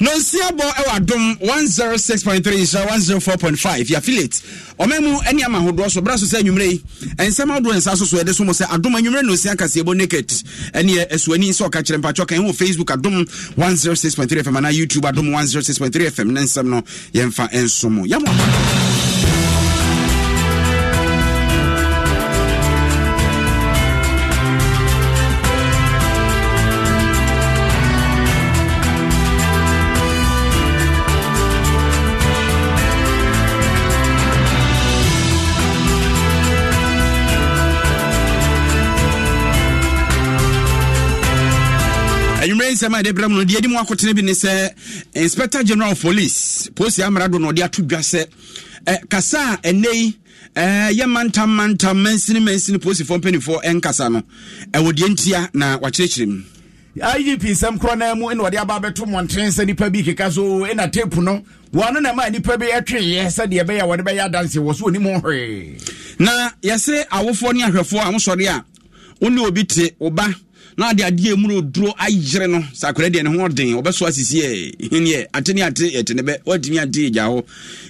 nonsiabɔ ɛwɔ adom 106.3 nhyira 104.5 yɛafiliate ɔma mu ne ama ahodoɔ so berɛ so sɛ anwummerɛ yi ɛnsɛm ahodoɔ nsa so so yɛde mu sɛ adom anwummerɛ nonsia kaseɛbɔ naked ɛneɛ asuani sɛ ɔka kyerɛ mpatwɔ kan ɛwɔ facebook adom 106.3 fm anaa youtube adom 106.3 fm ne no yɛmfa nso mu nsɛm a yɛde brɛ mu no deɛ di mu akɔtena bi ne sɛ inspector general of police polisi amrado na ɔde ato dwa sɛ kasa a ɛnɛ yi ɛɛ yɛ mantam mantam mansini mansini polisifoɔ mpanimfoɔ ɛnkasa no ɛwɔ deɛ ntia na wakyerɛkyerɛ mu. igp nsɛm korɔ no mu ɛna ɔde aba abɛto mmɔnten sɛ nnipa bi keka so ɛna tape no wɔno na ma nnipa bi ɛtweeɛ sɛdeɛ ɛbɛyɛ wɔde bɛyɛ adanse wɔ so ɔnim hwee na yɛse awofoɔ ne ahwɛfoɔ a mosɔre a wone obi te wo ba na ade adeɛ mu no duro ayere no sɛ akwadaa deɛ ne ho ɔden ɔbɛso asisi yɛ neɛ ate ne ate ɛte ne bɛ watumi ante gya hɔ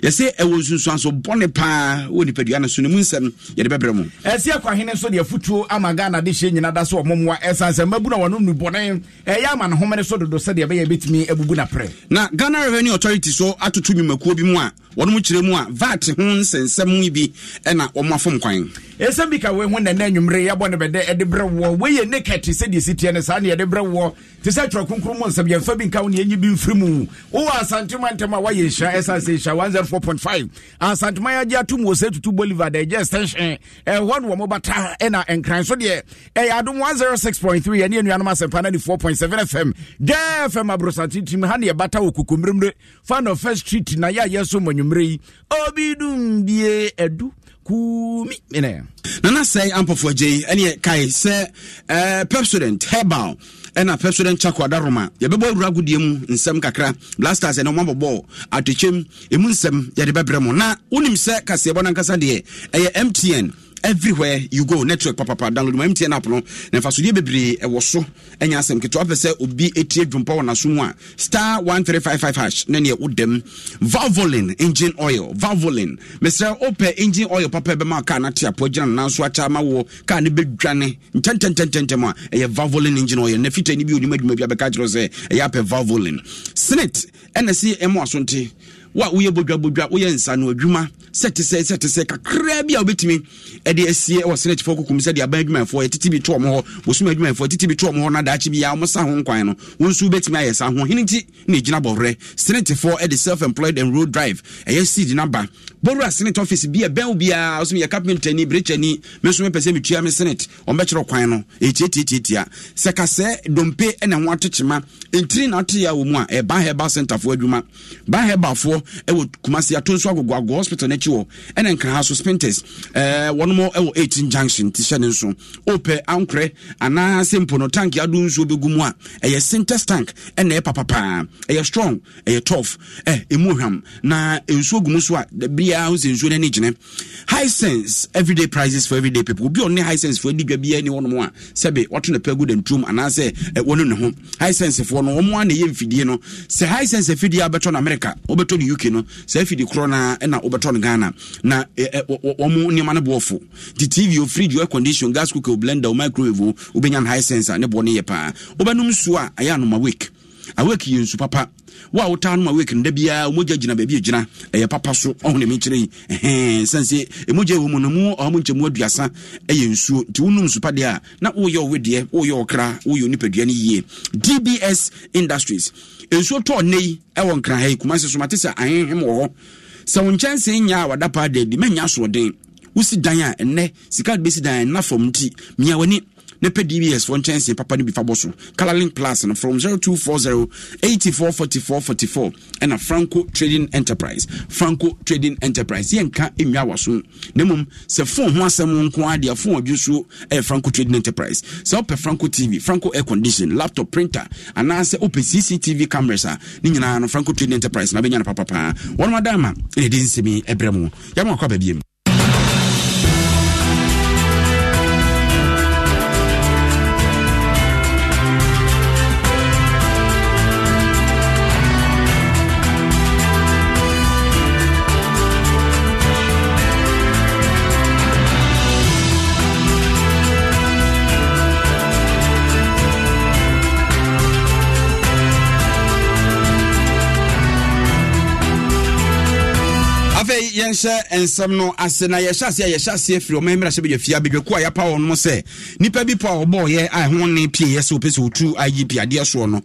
yɛsɛ ɛwɔ nsunsuanso bɔne paa wɔ nipadua no so ne mu nsɛm yɛde bɛbrɛ mu ɛsi akwahene nso deɛ futuo ama ghana de hyɛ nyina da so ɔmommoa ɛsiane sɛ mmabu na wɔno nubɔne ɛyɛ ama ne homene so dodo sɛdeɛ ɛbɛyɛ bɛtumi abubu naprɛ na ghana revenue authority so atoto nnwumakuo bi mu a wɔnom kyerɛ mu a vat ho nsɛnsɛm yi bi ɛna wɔmo afom kwan ɛsɛm bi ka wei ho nɛnɛ anwummere yɛbɔ ne bɛdɛ ɛde berɛ wɔ weyɛ naked sɛdeɛ si teɛ no saa ne yɛde brɛ woɔ te sɛ twerɛ kronkron mu nsɛm yɛmfa bi nka wo ne yɛnyi bi mfiri mu wowɔ asantema ntɛm a woayɛ nhyira ɛsan sɛ nhyira 104.5 asantema yɛagye atom wɔ sɛ tutu bolivar da ɛgye extension ɛhɔ no wɔ mo bata ɛna nkran so deɛ ɛyɛ adom 106.3 ɛne anuanom asɛmpa no ne 4.7 fm gya fm aborosantetim ha ne yɛbata wɔ kokommeremre fa no first street na yɛayɛ so mmanwummerɛ yi obi dumbie adu kumi ɛnɛ nana sɛe ampɔfoɔ gyei ɛneɛ kae sɛ uh, eh, pepsodent herbal ɛna pepsodent chakoada roma yɛbɛbɔ awura agodie mu nsɛm kakra blasters ɛne ɔmabɔbɔ atwekyɛm ɛmu nsɛm yɛde bɛbrɛ mo na wonim sɛ kaseɛbɔ no deɛ ɛyɛ mtn everywhere you go network papapa download ma mtn app no na mfasodeɛ bebree ɛwɔ so ɛnyɛ asɛm ketewa pɛ sɛ obi ɛtie dwompa wɔ n'aso mu a star 1355 hash ne neɛ wodam Valvoline engine oil Valvoline, Mr. Ope, engine oil papa bɛma kar no ateapo agyina nana nso akyɛ ama woɔ kar no bɛdwane ntɛntɛntɛntɛm a ye Valvoline engine oil na fitani bi onim adwuma bi abɛka kyerɛ sɛ ɛyɛ apɛ valvolin senate ɛna si ɛmo asonte wa a woyɛ bodwabodwa woyɛ nsa no adwuma sɛ te sɛ sɛ te sɛ kakraa bi a wobɛtumi ɛde asie wɔ sene tifoɔ kokum sɛdeɛ aban adwumayɛfoɔ yɛtete bi toɔ m hɔ wɔsom adwumayɛfoɔ tete bi toɔ m hɔ na daakye bi yɛa wɔsa ho nkwan no wo nso wobɛtumi ayɛ saa ho hene nti ne ɛgyina bɔwerɛ sene ɛde self employed and road drive ɛyɛ seed no ba borua senate office bi ɛbɛn wo biara wosom yɛ kapentani berekyani me nso mepɛ sɛ metua me senate ɔmbɛkyerɛ kwan no ɛtiatiatiatia sɛ kasɛɛ dompe ɛna ho atokyema ntiri na atoyɛ wɔ mu a ɛba herbal centerfoɔ adwuma ba herbalfoɔ ɛwɔ kumasi ato nso agogoago hospital n'akyi wɔ ɛna nkraha so sprinters ɛɛ wɔn mo ɛwɔ eighteen junction ti hyɛ ne nso opɛ ankorɛ anaasɛ simple no tank ado nsuo bɛgu mu a ɛyɛ sintex tank ɛna ɛyɛ papapaa ɛyɛ strong ɛyɛ tough ɛ emu ohwam na nsuo gu mu so a biara ahosuo nsuo n'ani gyina high sense everyday prices for everyday people obi a ɔne high sense for adi dwa biara ni wɔn mo a sɛbi wɔto ne pɛ gu dantum anaasɛ ɛ wɔne ne ho high sense foɔ no wɔn mo a na ɛyɛ mfidie no sɛ high sense afidie abɛtɔ na america wɔbɛtɔ ne uk uk no saa afidi korɔ no ɛna wobɛtɔ no ghana na wɔmo nneɛma no boɔfo nti tv o fridge o air condition gas cooker o blender o microwave o wobɛnya no high sensor ne boɔ no yɛ paa wobɛnom suo a ɛyɛ anoma wake awake yɛ nsu papa wo a wotaa nom awake no da biara mogya gyina baabi agyina ɛyɛ papa so ɔhone menkyerɛ yi sɛne sɛ ɛmogya ɛwɔ mu no mu ɔmo nkyɛmu aduasa ɛyɛ nsuo nti wonom nsu padeɛ a na woyɛ ɔwedeɛ woyɛ ɔkra woyɛ onipadua no yie dbs industries nsuo tɔ nne yi ɛwɔ nkranha yi kumase so mate sɛ ahenhem wɔ hɔ sɛ wo nkyɛnse nya a wada paa daadi mɛnya asoɔden wosi dan a ɛnɛ sika de bɛsi dan a ɛna fam nti mia w'ani na pɛ dbs fɔ nkyɛnsee papa no bi fa bɔ so colorlink plus no from 0240 844444 ɛna franco trading enterprise franco trading enterprise yɛnka ɛnwa wa so na mmom sɛ fon ho asɛm nko a deɛ fon adwo so ɛyɛ franco trading enterprise sɛ wopɛ franco tv franco air condition laptop printer anaasɛ wopɛ cctv cameras a ne nyinaa no franco trading enterprise na bɛnya no papapaa wɔnom adama ɛna ɛde nsɛmi ɛbrɛ mu yɛma wakɔ abaabiam yɛnhyɛ nsɛm no ase na yɛhyɛ aseɛ yɛhyɛ aseɛ firi ɔma mmerɛ hyɛ bɛdwa fia badwaku a yɛpa wɔ nom sɛ nipa bi pa ɔbɔɔyɛ a ɛho ne pieɛ sɛ wopɛ sɛ ɔtu igp adeɛ soɔ no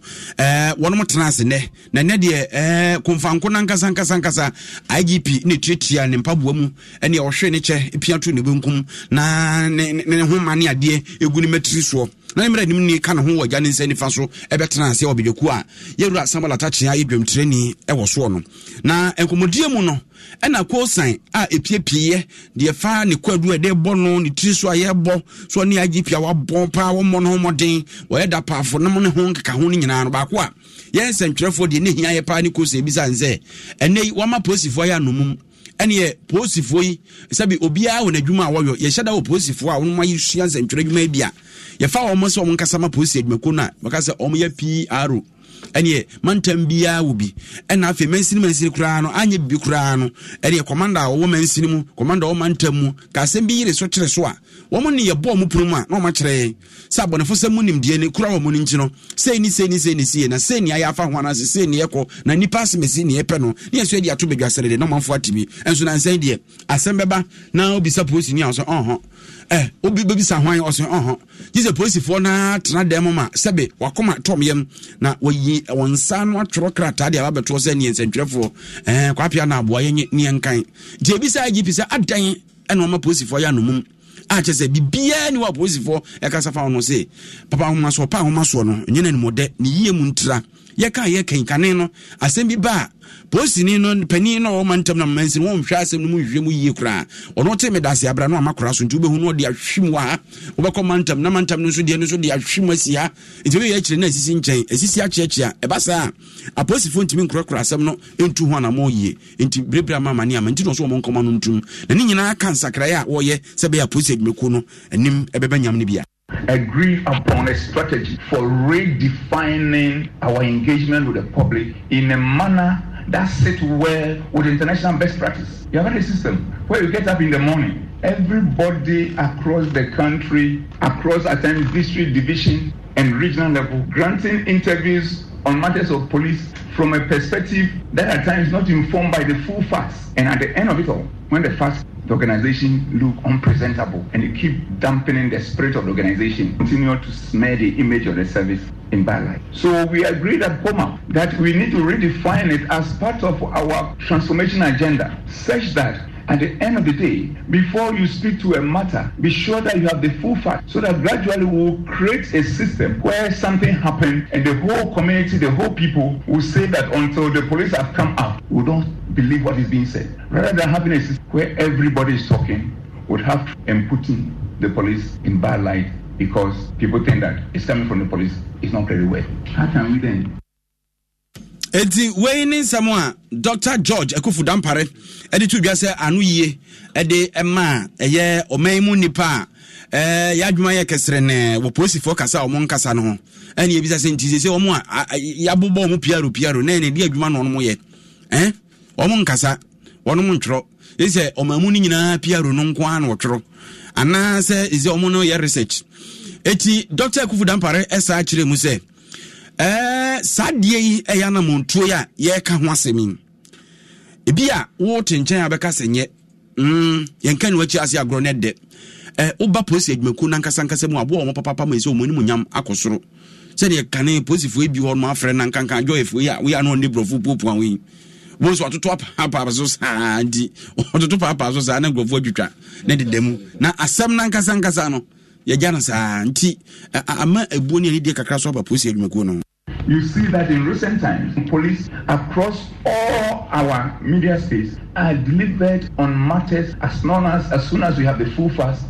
wɔnom tena ase nnɛ na nnɛ deɛ komfanko no ankasa nkasa nkasa igp ne tuatua ne mpaboa mu ɛneɛ ɔhwe ne kyɛ pia to ne bɛnkum na ne ho ma ne adeɛ ɛgu ne matiri soɔ na mmerɛ anim ni ka ne ho wɔ gya ne nsa nifa so ɛbɛtena aseɛ wɔ bedwaku a yɛwura samuel atakyea yɛ ɛwɔ soɔ no na nkɔmmɔdie mu no ɛna kosan a ɛpiepieɛ deɛ fa ne kwadu a ɛde bɔ no ne tiri so a yɛbɔ so ɔne agye pia wabɔ paa wɔmmɔ no ho mmɔden wɔyɛ da paafo nom ne ho nkeka ho no nyinaa no baako a yɛn nsɛntwerɛfoɔ deɛ ne hia yɛ paa ne kosan ebisane sɛ ɛnɛ yi wɔma polisifoɔ yɛ anomum ɛneɛ polisifoɔ yi sɛbi obiara wɔ n'adwuma a wɔyɔ yɛhyɛ da wɔ polisifoɔ a wɔn ayi sua nsɛntwerɛ adwuma yi bi a yɛfa wɔn sɛ wɔn nkasa ma polisi adwumako no a wɔka sɛ wɔn yɛ pro ɛneɛ mantam biara wo bi ɛna afei mansini mansini koraa no anyɛ bibi koraa no ɛneɛ kɔmanda a wɔwɔ mansini mu kɔmanda a wɔwɔ mantam mu ka asɛm bi yere so kyerɛ so a wɔn ne yɛbɔ wɔn pono mu a na wɔn akyerɛ yɛn sɛ abɔnefo sɛ mu nimdeɛ ne kura wɔn no nkyi no sei ni sei ni sei ni sie na sei ni ayɛ afa ho anaasɛ sei ni ɛkɔ na nipa asemesi ni ɛpɛ no ne yɛ so yɛ de ato badwa sɛre de na wɔn afo atimi ɛnso na nsɛn deɛ asɛm bɛba na obisa polisi ni a wɔn sɛ ɔnhɔn Eh, obi bɛbisa hwan anyị ɔhɔ gye sɛ polisifoɔ no tena dan mu ma sɛbe wakoma tɔmyam na wɔyi wɔn nsa no atwerɛ krataa de ababɛtoɔ sɛ neɛ nsɛntwerɛfoɔ eh, kwapea no aboa yɛnye neɛ nkan nti ɛbisa agye pi sɛ adan ɛna ɔma polisifoɔ yɛ anomum akyɛ sɛ biribiaa polisifoɔ ɛkasa fa wo no se papa ahoma pa ahoma no ɛnyɛ no animɔdɛ ne yie mu ntira yɛka yɛ kenkane no asɛm bi ba a polisini no panin no a ɔma ntam na mama nsini wɔnhwɛ asɛm no mu nhwɛ mu yie koraa ɔno te medase abra no ama kora so nti wobɛhu no ɔde ahwe mu a wobɛkɔ mantam na mantam no nso deɛ no nso de ahwe mu asi ha nti wobɛyɛ akyerɛ no asisi nkyɛn asisi akyeakyea ɛba saa a apolisifoɔ ntumi nkorakora asɛm no ɛntu ho anammɔ yie enti berɛbrɛ ama amane ama nti na ɔso ɔmɔ no ntum na ne nyinaa ka nsakraeɛ a wɔyɛ sɛ bɛyɛ apolisi adwumakuo no anim ɛbɛbɛ nyam no bia agree upon a strategy for redefining our engagement with the public in a manner that sits well with international best practice. You have a system where you get up in the morning, everybody across the country, across at times district, division, and regional level, granting interviews on matters of police from a perspective that at times not informed by the full facts. And at the end of it all, when the facts the organization look unpresentable and you keep dampening the spirit of the organization, continue to smear the image of the service in bad light. So we agreed at Poma that we need to redefine it as part of our transformation agenda, such that at the end of the day, before you speak to a matter, be sure that you have the full facts. so that gradually we will create a system where something happened and the whole community, the whole people will say that until the police have come up, we don't believe what is being said. Rather than having a system where everybody is talking, would have and putting the police in bad light because people think that it's coming from the police. is not very well. How can we then? eti wei ne nsɛm a dr george akufu dampare de to dwa sɛ ano yie de ma a ɛyɛ ɔman mu nnipa a yɛ adwuma yɛ kɛsere ne wɔ polisifoɔ kasa a ɔmo nkasa no ho ɛne yɛbisa sɛ nti sɛ sɛ ɔmo a yɛabobɔ ɔmo piaro piaro na ɛne de adwuma na ɔno mo yɛ ɔmo nkasa wɔnom ntwerɔ ɛsɛ ọmụmụ no nyinaa piaro no nko a na wɔtwerɔ anaasɛ ɛsɛ ɔmo no yɛ research ɛti dr akufu dampare ɛsaa kyerɛ mu sɛ ɛɛ saa deɛ yi ɛyɛ anamontuo yi a yɛreka ho asɛm yi ebi a wote nkyɛn a bɛka sɛ nyɛ mm yɛnka ne wakyi ase agorɔ ne dɛ ɛ woba polisi adwumakuo no ma nyam sɛdeɛ kane polisifoɔ ebi hɔ no afrɛ no nkankan yi a woyɛ ano ne borɔfo puopua yi mo nso atoto apaapa so saa nti ɔtoto paapa so saa na nkurɔfoɔ atwitwa na deda mu na asɛm no ankasa ankasa no yɛgya no saa nti ama abuo ne anidie kakra so aba polisi adwumakuo no You see that in recent times, police across all our media space are delivered on matters as long as as soon as we have the full facts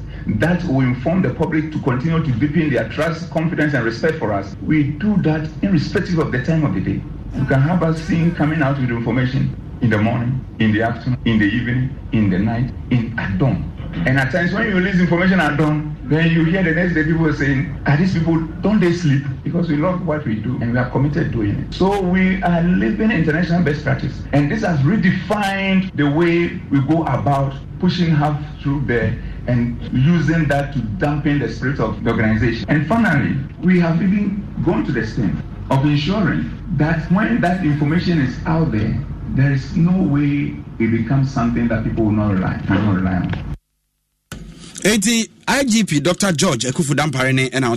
that will inform the public to continue to deepen their trust, confidence, and respect for us. We do that irrespective of the time of the day. You can have a seeing coming out with information in the morning, in the afternoon, in the evening, in the night, in at dawn. And at times when you release information at dawn, then you hear the next day people saying, Are ah, these people, don't they sleep? Because we love what we do and we are committed doing it. So we are living international best practice. And this has redefined the way we go about pushing half through there and using that to dampen the spirit of the organization. And finally, we have even gone to the extent of ensuring that when that information is out there, there is no way it becomes something that people will not rely, cannot rely on. Eighty IGP Dr. George Ekufu Damparene ɛna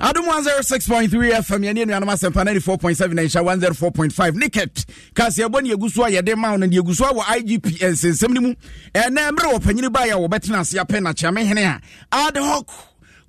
Adum 106.3 FM yɛn ni enuanum asɛmpa 94.7 na 104.5 Niket kasi ɛbɔ ni egu so a ma IGP nsensɛm ni mu ɛnna mmerɛ wɔ panyin ba ya wɔ bɛtena hene ad hoc.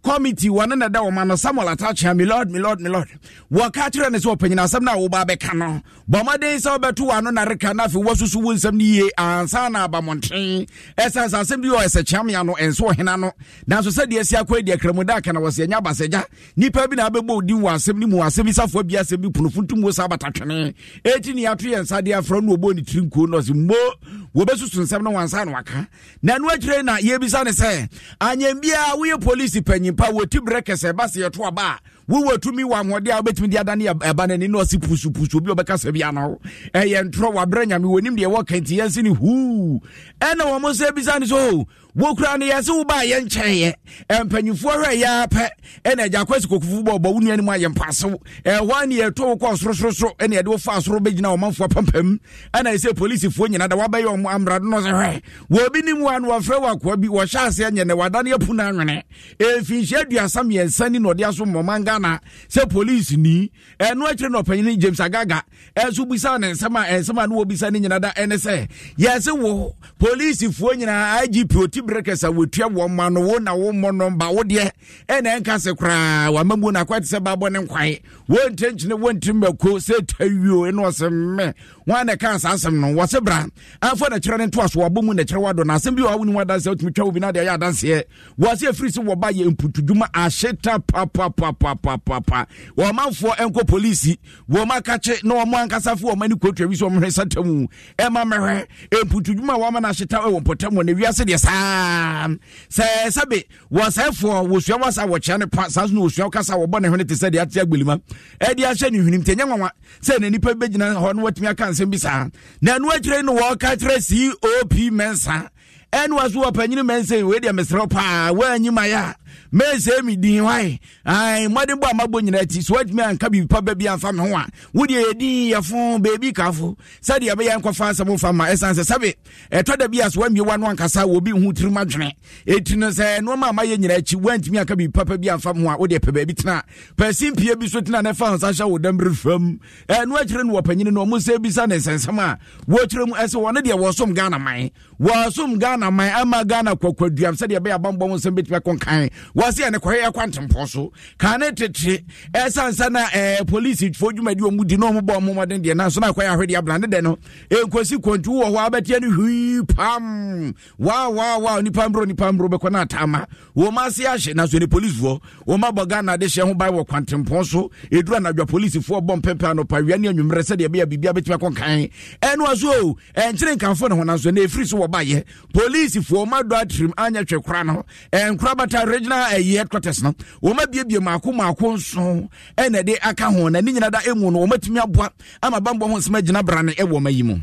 committee wɔne ne da wɔma no samuel atachea Lord, milord Lord, wɔka kyerɛ ne sɛ ɔpanyina asɛm no a woba bɛka no bɔ mmɔden sɛ wobɛto wano nareka no afei woasusu wo nsɛm no yie ansa na aba mmɔnten ɛsɛ sɛ asɛm bi wɔ ɛsɛ kyeamea no ɛnso ɔhena no nanso sɛdeɛ asi akɔ adi akramu da aka na wɔsɛ ɛnyɛ abasagya nnipa bi na abɛbɔ odin wɔ asɛm no mu asɛm safoɔ bi asɛm bi ponofontum wo saa batatwene ɛti ne yɛato yɛ nsa deɛ afra no ɔbɔ ne tirinkuo no ɔse mmo wɔbɛsusu nsɛm no wansa na waka na ɛno akyire na yɛbisa ne sɛ anyɛm biara woyɛ polisi panyimpa wɔti berɛ kɛsɛ ba sɛ yɛto aba a wowɔ tumi wɔ ahoɔden a wobɛtumi de adane ɛba no ani na ɔse pusupusu obi ɔbɛka sɛ bia ɛyɛ ntorɔ wabrɛ nyame wɔnim deɛ wɔka nti yɛnse ne huu ɛna wɔ mo sɛ bisa ne sɛ wokura no yɛse woba yɛ nkyɛeɛ mpanyimfoɔ hwɛ yɛa pɛ ɛna agya kwasi kokufu bɔ ɔbɔ wo nua no mu ayɛ mpasew ɛhɔ ne yɛto wo kɔ sorosorosoro ɛne yɛde wo fa asoro bɛgyina ɔmanfoɔ pampam ɛna ɛsɛ polisifoɔ nyina da wabɛyɛ ɔmo amrado no sɛ hwɛ wɔbi ne mu a no wɔfrɛ wɔ akoa bi wɔhyɛ aseɛ nyɛ ne wada no apu no anwene ɛmfinhyia aduasa mmiɛnsa ni na ɔde aso mmɔma ghana sɛ police ni ɛno akyerɛ na ɔpanyini james agaga ɛso bisa ne nsɛm a ɛnsɛm a ne wɔbisa no nyina da ɛne sɛ yɛse wo polisifoɔ nyinaa igp ɔti breakers a wɔtua wɔn ma no wo na wo mmɔ nɔmba wo deɛ ɛna ɛnka se koraa wama mu no akwate sɛ babɔ ne nkwae wɔntenkyene wɔntim mako sɛ tawio ɛne ɔse mmɛ wɔn a na saa asɛm no wɔse bra afa na kyerɛ ne ntoa so mu na kyerɛ wadɔ asɛm bi wɔ wonim adanseɛ wotumi twa wo bi na de ɛyɛ adanseɛ wɔse afiri so wɔba yɛ mputudwuma ahyeta papapapapapapa wɔmanfoɔ ɛnkɔ polisi wɔn akakye na wɔn ankasa fo wɔn ani kotwa wi so wɔn hwɛ sata ɛma mɛhwɛ mputudwuma a wɔama no ahyeta wɔ mpɔtam na wiase deɛ saa nyinaa sɛ sɛbe wɔsɛfoɔ wɔsua wasa wɔkyea ne pa saa so na wɔsua kasa wɔbɔ ne hwene te sɛ deɛ ate agbelima ɛde ahyɛ ne hwenim nti ɛnyɛ nwanwa sɛ na nnipa bɛgyina hɔ no watumi aka nsɛm bi saa na ɛno akyirɛ no wɔɔka kyerɛ cop mɛnsa ɛne wa so wɔpanyini mɛnsa wei deɛ mesrɛ paa woanyimayɛ a mɛnsɛ mi din hwan ɛn mmɔden bɔ a mabɔ nyinaa ti so watumi anka biribi pa baabi amfa me ho a wodeɛ yɛdin yɛfo beebi kaafo sɛdeɛ ɛbɛyɛ nkɔfa asɛm fa ma ɛsan sɛ sɛbe ɛtɔ da bi e, a so wamie wa no ankasa wɔbi ho tirim adwene ɛti e, no sɛ nnoɔma a mayɛ nyinaa akyi woantumi anka biribi pa pa bi amfa me ho a wodeɛ pɛ baabi tena pɛsi mpie bi so tena ne fa ho e, sa hyɛ wo dambere fam ɛno akyerɛ no wɔpanyini no ɔmo sɛ bisa ne nsɛnsɛm a wɔkyerɛ mu ɛsɛ wɔne deɛ wɔsom ghana man wɔsom ghana man ama ghana kwakwaduam sɛdeɛ ɛbɛyɛ abambɔ ho nsɛm bɛtumi akɔnkan wɔse ɛne kɔhɛ yɛkwantempɔ so kaa ne tetere ɛsiane na policefoɔ dwumadi ɔ mu di na ɔmobɔ mmɔmmɔden deɛ nanso na akɔyɛ ahwedeɛ abrane dɛ no ɛnkɔsi kɔntu wɔ hɔ abɛteɛ no hwii pam wawawa nipa mbrɛ nipa mbrɛ bɛkɔ no ataama wɔma ase ahye nanso ne policefoɔ wɔma bɔ ghana de hyɛ ho ban wɔ kwantempɔn so ɛduru anadwa policefoɔ bɔ mpɛpɛ anɔpawia ne anwummerɛ sɛdeɛ ɛbɛyɛ biribia bɛtumi akɔnkan ɛno a so o ɛnkyere nkamfo ne ho nanso na ɛfiri so wɔbayɛ policefoɔ ma do atirim anyɛ twe kora no ɛnkora bata regional headquarters no ɛna aka ho na ne da no aboa ama bambɔ ho nsɛm agyina ɛwɔ mu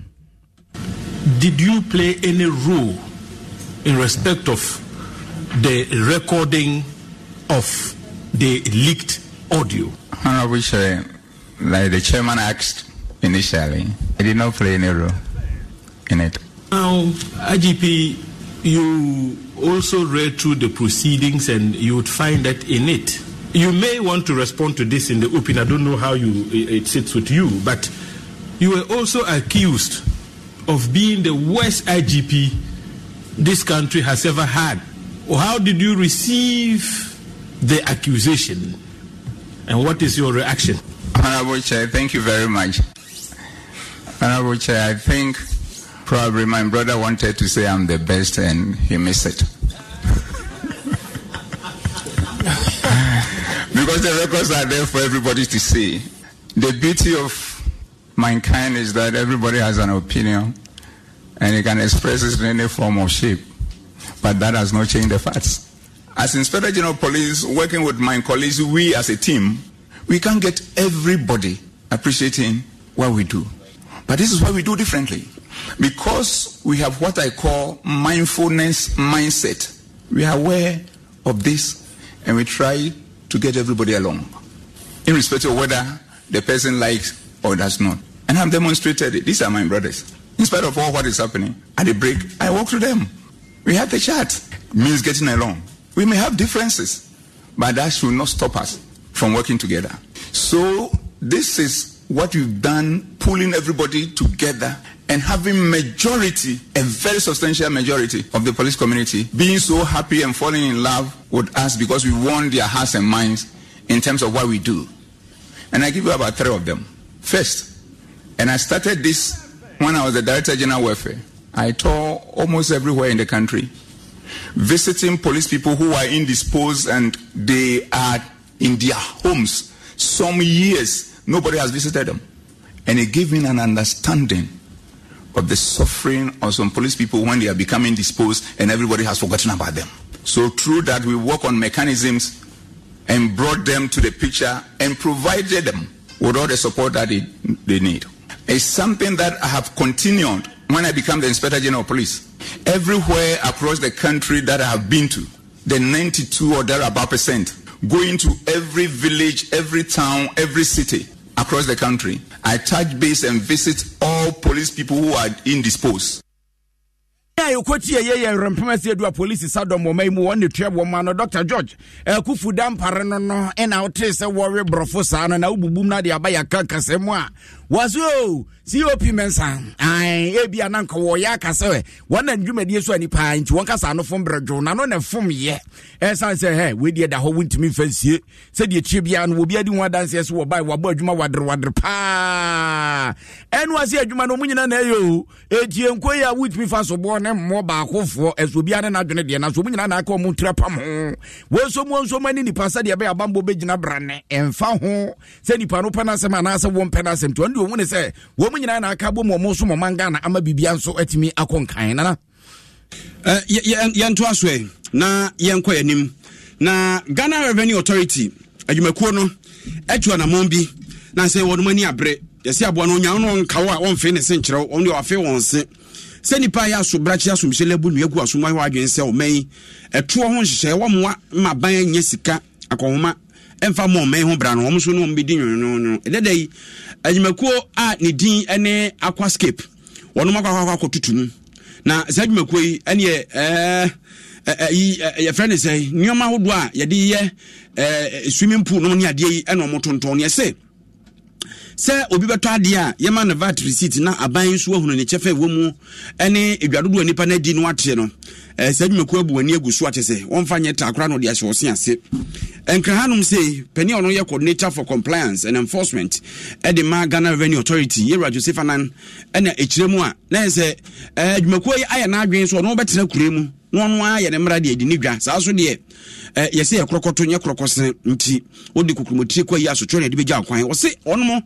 did you play any role in respect of the recording of the leaked audio honorable chair uh, like the chairman asked initially i did not play any role in it now igp you also read through the proceedings and you would find that in it. You may want to respond to this in the open. I don't know how you, it sits with you, but you were also accused of being the worst IGP this country has ever had. How did you receive the accusation? And what is your reaction? Honorable Chair, thank you very much. Honorable Chair, I think Probably my brother wanted to say I'm the best and he missed it. because the records are there for everybody to see. The beauty of mankind is that everybody has an opinion and it can express it in any form of shape. But that has not changed the facts. As Inspector General Police, working with my colleagues, we as a team, we can't get everybody appreciating what we do. But this is what we do differently. Because we have what I call mindfulness mindset, we are aware of this and we try to get everybody along, irrespective of whether the person likes or does not. And I've demonstrated it. These are my brothers. In spite of all what is happening, at the break, I walk to them. We have the chat. Means getting along. We may have differences, but that should not stop us from working together. So this is what you've done, pulling everybody together and having majority, a very substantial majority of the police community being so happy and falling in love with us because we won their hearts and minds in terms of what we do. And I give you about three of them. First, and I started this when I was the Director General Welfare. I tour almost everywhere in the country, visiting police people who are indisposed and they are in their homes some years Nobody has visited them. And it gave me an understanding of the suffering of some police people when they are becoming disposed and everybody has forgotten about them. So, through that, we work on mechanisms and brought them to the picture and provided them with all the support that they, they need. It's something that I have continued when I became the Inspector General of Police. Everywhere across the country that I have been to, the 92 or thereabout percent, going to every village, every town, every city, across the country. I touch base and visit all police people who are indisposed. a wɔso cop mɛnsa ebi ananka wɔyɛ aka sɛ wɔna ndwumadie so ani paa nti wɔn kasa anofo mbrɛ dwo nano ne fom yɛ ɛsan sɛ hɛ wedeɛ da hɔ wontumi mfa nsie sɛdeɛ kyie biara no obi adi ho adanseɛ so wɔbae wɔabɔ adwuma waderwadere paa ɛno ase adwuma no ɔmo nyina na ɛyɛ o ɛtie nko yi a wontumi fa soboɔ ne mmɔ baakofoɔ ɛso obiara ne n'adwene deɛ na so ɔmo na aka ɔmo tura pam ho wɔnso mu wɔnso mu ani nipa sɛdeɛ ɛbɛyɛ abambɔ bɛgyina brane ɛmfa ho sɛ nipa no pɛ n'asɛm anaasɛ wɔmpɛ hu ne sɛ wɔn mu nyinaa na aka bɔ mu ɔmo so mo man ghana ama biribia nso atumi akɔ nkan nana. yɛntoa so ɛ na yɛnkɔ yɛnim na ghana revenue authority adwumakuo no atu anammɔn bi na sɛ wɔnom ani aberɛ yɛsɛ aboa no ɔnya no ɔnkawo a ɔmfe ne se nkyerɛw ɔno deɛ wafe wɔn se sɛ nipa yɛ aso brakye asomhyɛ labu nnua gu asoma hɔ adwene sɛ ɔma yi ɛtoɔ ho nhyehyɛeɛ wɔmmoa ma ban anyɛ sika akɔhoma ɛmfa ma ɔmɛn ho bra no ɔm so no ɔmbɛdi nwonwonwono ɛdɛda yi adwumakuo a ne din ne aquascape wɔnom akɔakɔakɔ tutu mu na saa adwumakuo yi ɛneɛ ɛɛ eh, eh, eh, yɛfrɛ ne sɛ nneɔma ahodoɔ a yɛde yɛ swimming pool nom ne adeɛ yi ɛna ɔmo tontɔn neɛ sɛ sɛ obi bɛtɔ adeɛ a yɛma no vat receipt na aban nso ahunu ne kyɛfɛ wɔ mu ne adwadodoɔ nipa no adi no ateɛ no eh, saa dwumakuo abu w'ani agu so akyɛ sɛ wɔmfa nyɛ taakora na ɔde ahyɛ ɔse ase nkra hanom sɛ a ɔno yɛ coordinator for compliance and enforcement de ma ghana revenue authority yɛwura joseph anan ɛna ɛkyirɛ mu a na ɛ sɛ adwumakuo yi ayɛ n'adwene so ɔno wobɛtena kure mu wɔn no ara yɛ ne mmara deɛ di ne dwa saa so deɛ ɛ yɛsɛ yɛ korɔkɔto nyɛ korɔkɔ sene nti odi kukurumotire kɔ yi asotwe na yɛde bɛgya akwan wɔsi wɔn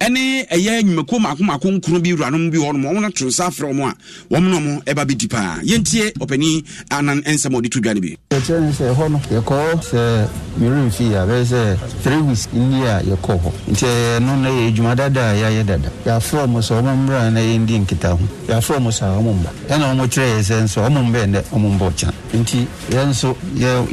ɛne ɛyɛ nnwumakuo mako mako nkuru bi wuranom bi wɔn mo wɔn to nsa afrɛ wɔn a wɔn nom ɛba bi di paa yɛntie ɔpanin anan nsɛm a ɔde to dwa no bi. yɛkyerɛ ne sɛ ɛhɔ no yɛkɔ sɛ mmeremfi a bɛyɛ sɛ three weeks ni a yɛkɔ hɔ nti ɛno na yɛ adwuma dada a yɛayɛ dada yɛafrɛ ɔmo sɛ ɔmo mmra na yɛndi nkita ho yɛafrɛ ɔmo sɛ ɔmo mba ɛna ɔmo kyerɛ yɛ sɛ nso ɔmo mba ɛnɛ ɔmo mbɔ kyena nti yɛn nso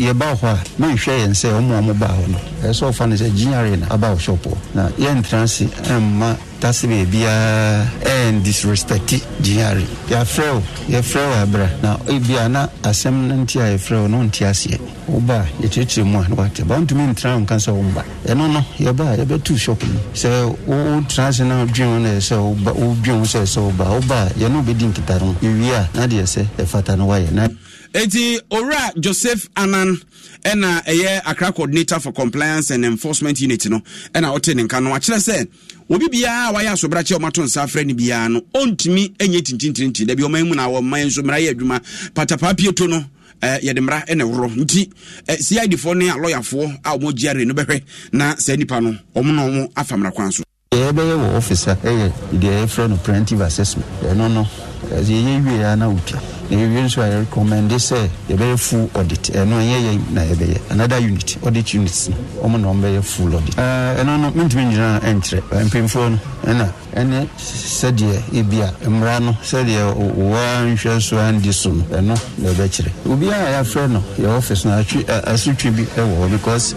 yɛba hɔ a menhwɛ yɛn sɛ ɔmo a mo baa hɔ no ɛyɛ sɛ ɔfa no sɛ gyinare na aba wo shop na yɛntra ase ɛmma tase baabiaa ɛn disrespecti gyinare yɛafrɛ wo yɛfrɛ wo abra na ebia na asɛm no nti a yɛfrɛ wo no nte aseɛ woba a yɛkyerɛkyerɛ mu a na wate ba wontumi ntra wo nka sɛ womba ɛno no yɛba a yɛbɛtu shop no sɛ wotra ase na dwen wo no ɛsɛ wodwen wo sɛ ɛsɛ woba woba a yɛne wobɛdi nkita no yɛwie a na deɛ sɛ ɛfata no woayɛ na eti owura joseph anan ɛna ɛyɛ accra coordinator for compliance and enforcement unit no ɛna ɔte ne nka no akyerɛ sɛ obi biara a wayɛ asobrakye a ɔmato nsa afrɛ no biara no ɔntumi nyɛ tintintirinti dabi ɔman mu na ɔman nso mmara yɛ adwuma patapaa pieto no yɛde mmara ɛna ɛworɔ nti uh, cidfoɔ ne alɔyafoɔ a ɔmɔ gyare no bɛhwɛ na saa nnipa no ɔmo na ɔmo afa mmara kwan so deɛ yɛbɛyɛ wɔ ɔfisa ɛyɛ deɛ yɛfrɛ no preventive assessment ɛno no yɛyɛ wieɛ na wotwa yɛwie nso a yɛrecommende sɛ yɛbɛyɛ full audit ɛno ɛnyɛ yɛn na yɛbɛyɛ another unit audit unit no ɔmo na ɔmbɛyɛ full audit ɛno no mentumi nyinaa ɛnkyerɛ mpemfoɔ no ɛna ɛne sɛdeɛ ebi a mmara no sɛdeɛ wɔa nhwɛ so andi so no ɛno na ɛbɛkyerɛ obiara a yɛafrɛ no yɛ office no asotwe bi ɛwɔ hɔ because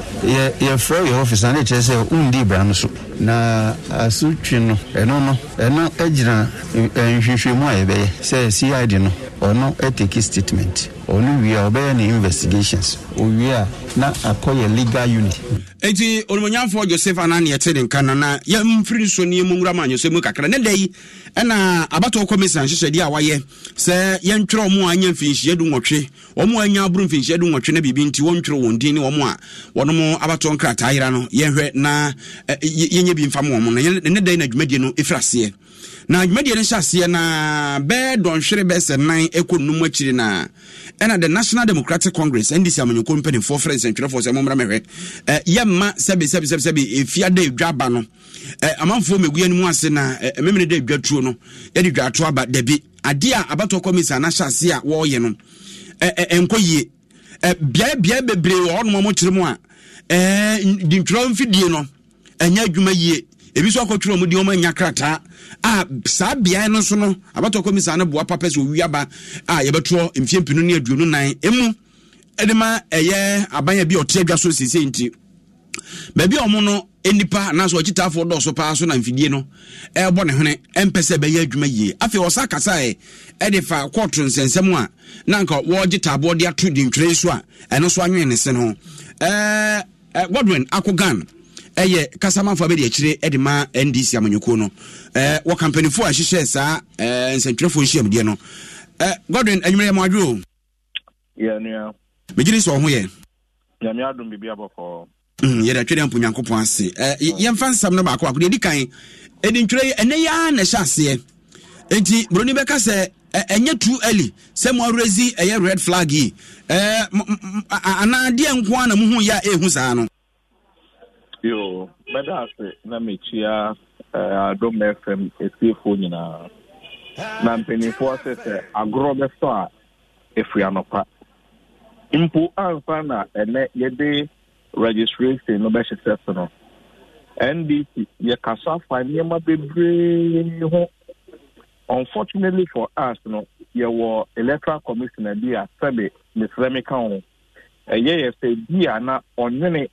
yɛfrɛ yɛ office na ne kyerɛ sɛ wondi bra no so na asotwe no ɛno no ɛno gyina nhwehwɛmu a yɛbɛyɛ sɛ cid no ɔno ɛtake statement ɔno wie a ɔbɛyɛ ne investigations owie a na akɔyɛ legal unit. eti olùmọ̀nyáfọ̀ joseph anani ẹ̀tẹ̀ ní nkan nana yẹn mfiri nso ní emu nwura manyọ sẹ́mu kakra ne dẹ́ yi ɛna abatɔ kɔmisa nhyehyɛdeɛ a wayɛ sɛ yɛn twerɛ ɔmo a anya mfinhyia du nwɔtwe ɔmo a anya aburo mfinhyia du nwɔtwe na biribi nti wɔn twerɛ wɔn din ne wɔn a wɔn abatɔ nkrataa yira no yɛn na yɛnyɛ bi nfa mu wɔn no ne dɛ na dwumadie no efiri na dwumadie no hyɛ na bɛɛ dɔnhwere bɛsɛ nan ɛkɔ nnum akyiri na ɛna the national democratic congress ndc amanyɔkɔ mpanimfoɔ frɛ nsɛntwerɛfoɔ sɛ mommra mɛhwɛ yɛmma sɛbesɛbesɛbesɛbe ɛfia da adwa ba no amanfoɔ mɛgua no mu ase na memene da adwa tuo no yɛde dwaato aba dabi adeɛ a abatɔ kɔmisa na hyɛ aseɛ a wɔreyɛ no ɛnkɔ yie biaebiae bebree wɔ hɔnom mokyere mu a dintwerɛ mfidie no ɛnyɛ adwuma yie ebi so akɔtwerɛ mu deɛ ɔma krataa a saa beae no so no abatoɔ kɔmisa no boa papɛ sɛ owi aba a yɛbɛtoɔ mfie mpinu ne aduonu nan ɛmu ɛde ma ɛyɛ aban a bi ɔte adwa so seesei nti baabi a ɔmo no nipa anaasɛ ɔkyitaafoɔ dɔɔso paa so na mfidie no ɛrebɔ ne hwene ɛmpɛ sɛ ɛbɛyɛ adwuma yie afei ɔsa kasaeɛ ɛde fa kɔɔto nsɛnsɛm a na anka wɔregye taaboɔ de ato dintwere so a ɛno nso anwene ne se no ɛɛ godwin akogan ɛyɛ kasamanfoɔ bɛde akyire de ma ndc amanyɔkuo no ɛɛ wɔ kampanifoɔ a ɛhyehyɛ saa ɛɛ nsɛntwerɛfoɔ nhyiamudeɛ no ɛɛ godwin anwummerɛ yɛ mo adwo o. yɛ nua. megye ne sɛ ɔho yɛ. nyame adum bibi abɔfɔ. Mm, yɛde atwere mpo nyankopɔn ase ɛɛ yɛmfa nsɛm no baako baako deɛ ɛdi kan ɛdi yi ɛnɛ yaa na ɛhyɛ aseɛ nti buroni bɛka sɛ ɛnyɛ too early sɛ mo awurɛ zi ɛyɛ red flag yi ɛɛ anaa deɛ nko ara na mo yɛ a ɛɛhu saa no yo mɛda ase na mekyia eh, adom fm ɛsiefoɔ nyinaa na mpanimfoɔ sɛ sɛ agorɔ bɛsɔ a ɛfiri anɔpa mpo ansa na ɛnɛ yɛde registration no bɛhyɛ sɛ so no ndc yɛkasa fa nneɛma bebree ho unfortunately for us no yɛwɔ electoral commissioner bi a sɛbe mesrɛ meka ho ɛyɛ yɛ sɛ bi a na ɔnwene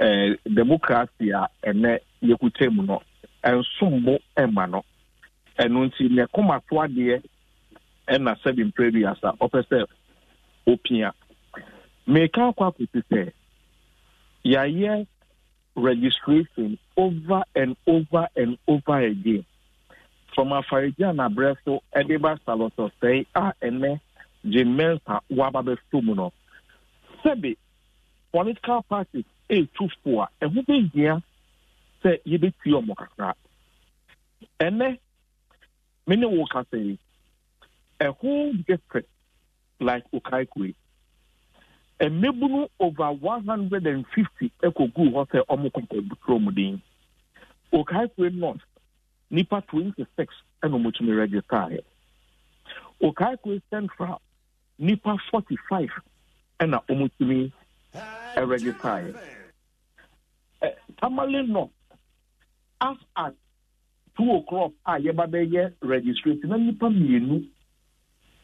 eh, demokrasi a ɛnɛ yɛkuta mu no eh, nsommo eh, ma no ɛno eh, nti ne kɔmato adeɛ ɛna sɛbi mprɛduas a ɔpɛ sɛ opia meka kɔ akɔsi sɛ yɛayɛ registration over and over and over again from afaregya na abrɛ so ɛde ba salɔsɔsɛe a ɛnɛ gye mɛnsa waba bɛso mu no sɛbi political parties etufoɔ a ɛho bɛhia sɛ yɛbɛtue ɔmo kakra ɛnɛ me ne wo kasa yi a whole district like Okaikwe, a mebunu over 150 ekogu hɔ sɛ ɔmo kɔnkɔbuturo mu den Okaikwe north nipa 26 ɛna ɔmo tumi register yɛ Okaikwe central nipa 45 ɛna ɔmo tumi ɛregister yɛ. family no as at two o'clock a yɛba bɛyɛ registration na nipa mmienu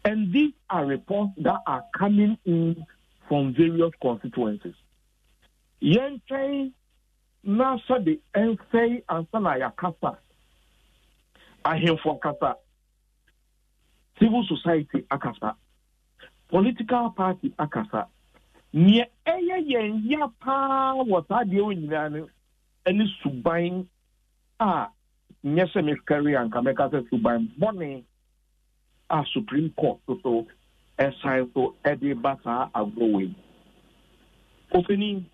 and these are reports that are coming in from various constituencies yɛn twɛn na sɛde ɛnfɛn ansa na yɛakasa ahemfo akasa civil society akasa political party akasa neɛ ɛyɛ eh, yɛn ya paa wɔ saa deɛ wɔ nyinaa no any suban a ah, nyɛ sɛ mekari anka mɛka sɛ suban money a supreme court so so ɛsan so ɛde ba are growing. wei ofini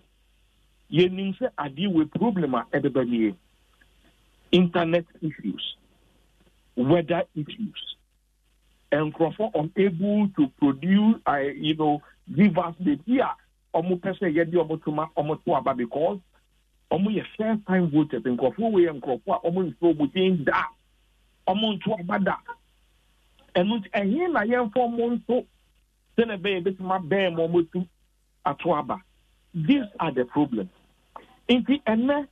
yɛnim sɛ adeɛ wɔ problem a ɛde ba nie internet issues weather issues and Crawford unable to produce uh, you know give us the beer ɔmo pɛ sɛ yɛde ɔmo to ma ɔmo to aba because wɔyɛ first time voters nkurɔfoɔ wei yɛ nkurɔfoɔ a wɔmfiri wɔn din da wɔn nto aba da ɛno nti ɛhe na yɛmfa wɔn nso sɛnɛ bɛyɛ bɛtumi abɛn mu wɔn tu ato aba these are the problems nti ɛnɛ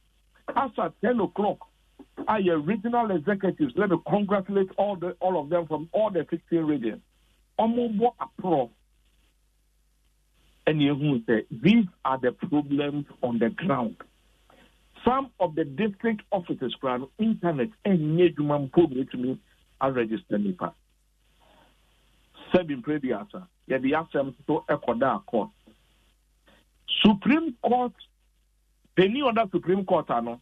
after ten o'clock are your regional executives let me congratulate all the all of them from all the fifteen regions wɔn bɔ aprɔ. And you say these are the problems on the ground. some of the district offices kora no internet ɛnyɛ eh, adwuma mpo na register me. nipa sɛbi mpere bi asa yɛde asɛm so ɛkɔda court supreme court the new ɔda supreme court ano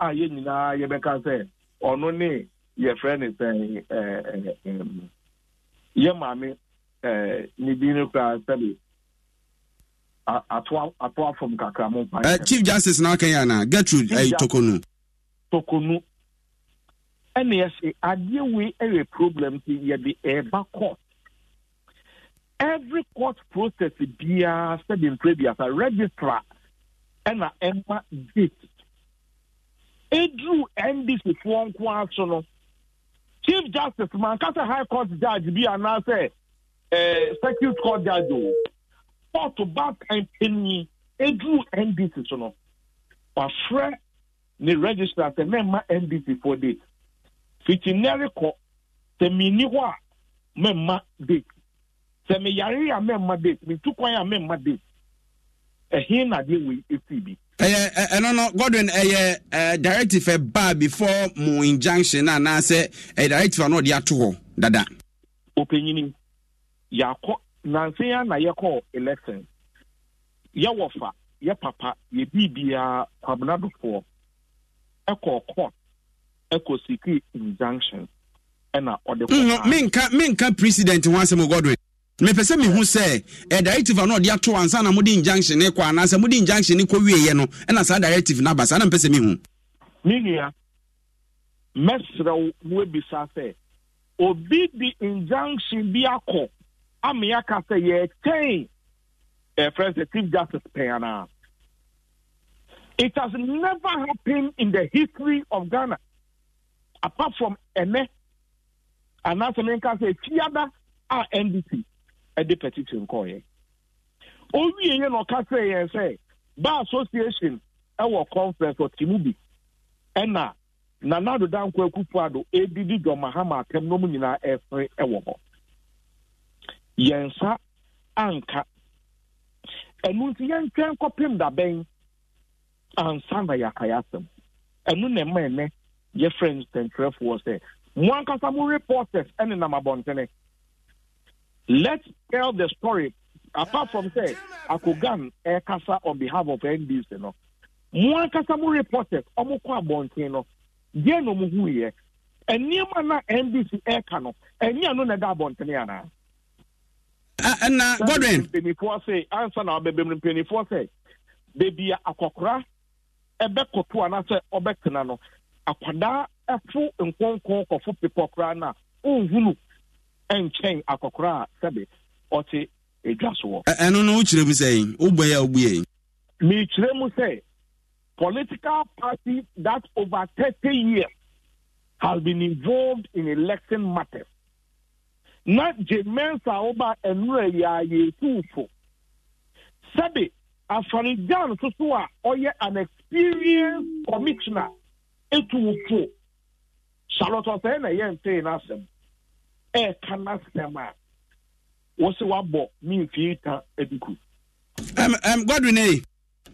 a yɛn nyinaa yɛbɛka sɛ ɔno ne yɛfrɛ ne sɛ eh, ɛɛ eh, ɛɛ mm, yɛ maame ɛɛ ne din no kora atoa fam kakra mo mpa. Eh, chief justice na aka yi ana gertrude eh, ayi tokonu. tokonu ɛna yɛ sɛ eh, adeɛ wei ɛyɛ problem ti yɛde ɛɛba court every court process biara sɛde mpere a registrar ɛna ɛma date eduru ndc foɔ nko aso no chief justice mankasa high court judge bi anaasɛ ɛɛ circuit court judge o kóòtù baatan panyin eduru ndc so no wafrɛ ne registrar sɛ mɛma ndc for date fitinɛri kɔ sɛ mini hɔ a mɛma date sɛ meyare a mɛma date metu kwan a mɛma date ɛhe na adeɛ wei esi bi. ɛyɛ ɛno no godwin ɛyɛ ɛɛ directive ɛbaa before mu injunction anaasɛ ɛyɛ directive a na ɔde ato hɔ dada. opanyini yɛakɔ nansi ya na yɛkɔ election yɛwɔ fa yɛ papa yɛ biibiara kwabenadofoɔ ɛkɔ court ɛkɔ sikiri injunction ɛna ɔde kɔ kaa. Mm, minka minka president ho asɛm godwin mepɛ sɛ sɛ ɛ eh, directive ɔde ato ansa na mode injunction ne kɔ anaasɛ mode injunction ne kɔ wieɛ no ɛna saa directive no saa na mpɛ sɛ mehu menua mɛserɛ wo na wabisa sɛ obi de injunction bi akɔ ame aka sɛ yɛkyɛn ɛfrɛ sɛ chief justice pɛn anaa it has never happened in the history of ghana apart from ɛnɛ anaasɛ menka sɛ fiada a ndc ɛde petition kɔɔyɛ owie yɛ na ɔka kyerɛ yɛn sɛ bar association ɛwɔ conference ɔtimu bi ɛna nanado danko akufo ado ɛdidi dɔmahama atɛm nom nyinaa ɛfere ɛwɔ hɔ yɛn nsa anka ɛnu nti yɛntwɛn nkɔpem dabɛn ansa na yɛaka yɛasɛm ɛnu na ɛma ɛnɛ yɛfrɛ nsɛntwerɛfoɔ sɛ mo ankasa mo reporters ɛne nam abɔntene let's tell the story apart from sɛ akogan ɛrekasa on behalf of ndc no mo ankasa mo reporters ɔmo kɔ abɔnten no deɛ na ɔmo hu yɛ nneɛma na ndc ɛreka no ɛnyɛ no na ɛda abɔntene anaa ɛna eh, eh, godwin. mpanyinfoɔ sɛ ansa na ɔbɛbɛn mu mpanyinfoɔ sɛ beebi akɔkora ɛbɛkoto anaasɛ ɔbɛtena no akwadaa ɛfo nkonkon kɔfo pepɔkora na ɔnhunu ɛnkyɛn akɔkora a sɛbi ɔte edwa soɔ. Eh, ɛno no wokyerɛ mu sɛ wobɔ yɛ a wobɔ yɛ. mekyerɛ mu sɛ political party that over thirty years has been involved in election matters na gye mmensa a woba nnura yi a yɛtumfo sɛbe afɔregyan soso a ɔyɛ an experienced commissioner etumfo charlotte ɔsɛɛ na ɛyɛ ntee n'asɛm ɛɛka n'asɛm a wɔsi wabɔ ne mfii ta aduku. Um, um, Godwin,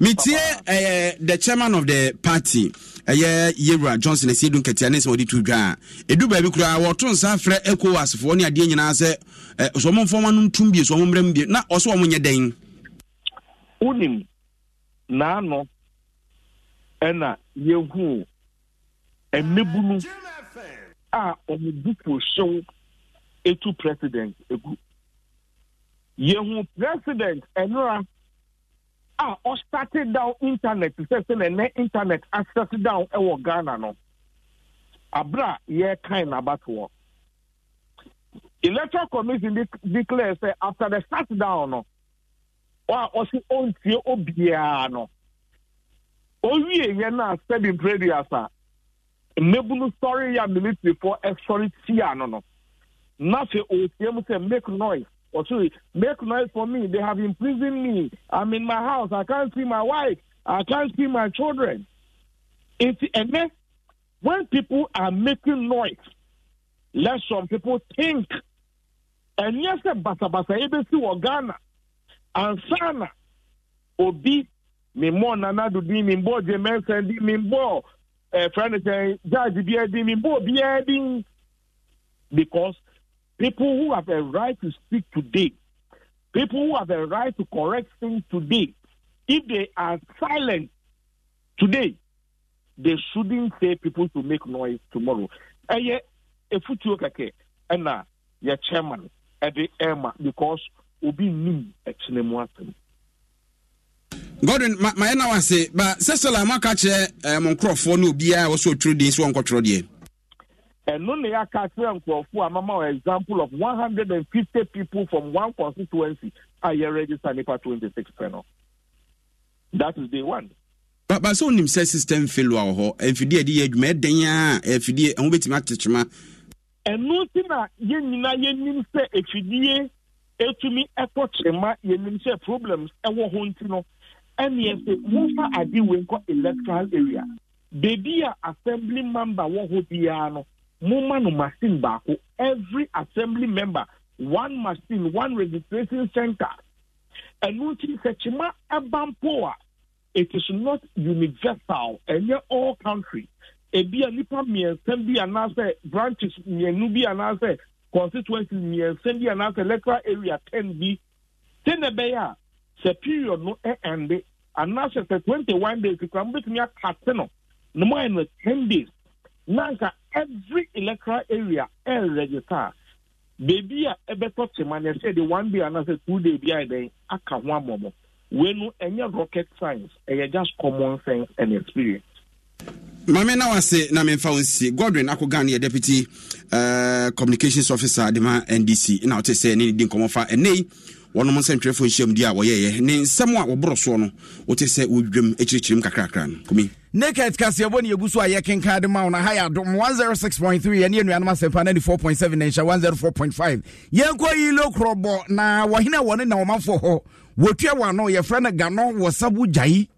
metie uh, the chairman of the party ɛyɛ yewura johnson ɛsi edu nkɛtɛ ne nsɛm ɔde tu dwa edu baabi koraa wɔto nsa frɛ ɛkɔ asefoɔ ne adeɛ nyinaa sɛ ɛ sɔmɔ nfɔwɔn no ntum bie sɔmɔ mmerɛ mu bie na ɔsɔ wɔn nyɛ dɛn. wonim n'ano ɛna yehu ɛmɛbunu a wɔn duku hyew etu president egu yehu president ɛnura. a ɔstate down internet sɛ na nɛnɛ internet asɛte down wɔ ghana no aberɛ a yɛrekae n'abatoɔ electoral commission declare sɛ after the start down no a ɔse ɔntie obiara no owie yɛ no a sɛbi a mmabunu sɔre yɛ a militaryfoɔ sɔre tia no no na afei mu sɛ make noise or two. Make noise for me. They have imprisoned me. I'm in my house. I can't see my wife. I can't see my children. It and then when people are making noise, let some people think. And yes, basa basa ebesi wɔ Ghana, ansana obi mimbɔ nana do di mimbɔ jemɛnsɛn di mimbɔ ɛɛ fɛn de sɛn jaaji because people who have a right to speak today, people who have a right to correct things today, if they are silent today, they shouldn't say people to make noise tomorrow. And yet, Ɛyɛ efutuo kɛkɛ ɛna yɛ chairman ɛde ɛma because obi nim ɛkyinɛ mu asɛm. godwin ma ma yɛn na wa se ba sɛ sɛ la mo aka kyerɛ ɛɛ eh, mo nkorɔfoɔ ne obiara a wɔsɔ otwere den so wɔn nkɔtwerɛ deɛ ɛno na yɛaka kyerɛ nkurɔfoɔ a mama wɔ example of 150 people from one constituency a yɛregister nipa 26 six pɛ no that is day one. baba sɛ onim sɛ system failure wɔ hɔ afidie ɛde yɛ adwuma ɛdɛn a afidie ɛho bɛtumi atekyema ɛno nti na yɛn nyinaa yɛnim sɛ afidie ɛtumi ɛkɔ kyerɛma yɛnim sɛ problems ɛwɔ hɔ nti no ɛneɛ sɛ momfa ade wei nkɔ electoral area baabi a assembly member wɔ hɔ biara no mumma no machine baako every assembly member one machine one registration center ɛno nti sɛ kyima mpo a it is not universal ɛnyɛ all country ebi a nipa mmiɛnsa bi anaasɛ branches mmienu bi anaasɛ constituency mmiɛnsa bi anaasɛ electoral area ten bi sɛnɛ ɛbɛyɛ a sɛ period no ɛɛnde anaasɛ sɛ twenty one days kura mo betumi akate no na mo ayɛ no ten days na nka every electoral area and register beebi a ɛbɛtɔ tema no ɛsɛ de one day anaasɛ two day bi a ɛdɛn aka ho amɔmɔ wei no rocket science ɛyɛ just common sense and experience maame na wase na memfa wo nsie godwin akogane yɛ deputy uh, communications officer dema ndc na wote sɛ ne ne di nkɔmmɔfa ɛnɛi wɔnom nsɛntwerɛfoɔ nhyiamdi a wɔyɛeɛ ne nsɛm a wɔborɔ soɔ no wote sɛ wɔdwam akyirikyiri m kakrakra no kumi naked kaseɛbɔ ne yɛgu so a yɛkenka de ma wo no ha yɛ adom 106.3 ɛne anuanom asɛmpa 94.7 nhyɛ 104.5 yɛnkɔ yilo korɔbɔ na wɔhene wɔ ne na ɔmafoɔ hɔ wɔtua wɔ ano yɛfrɛ no gano wɔ sabo gyae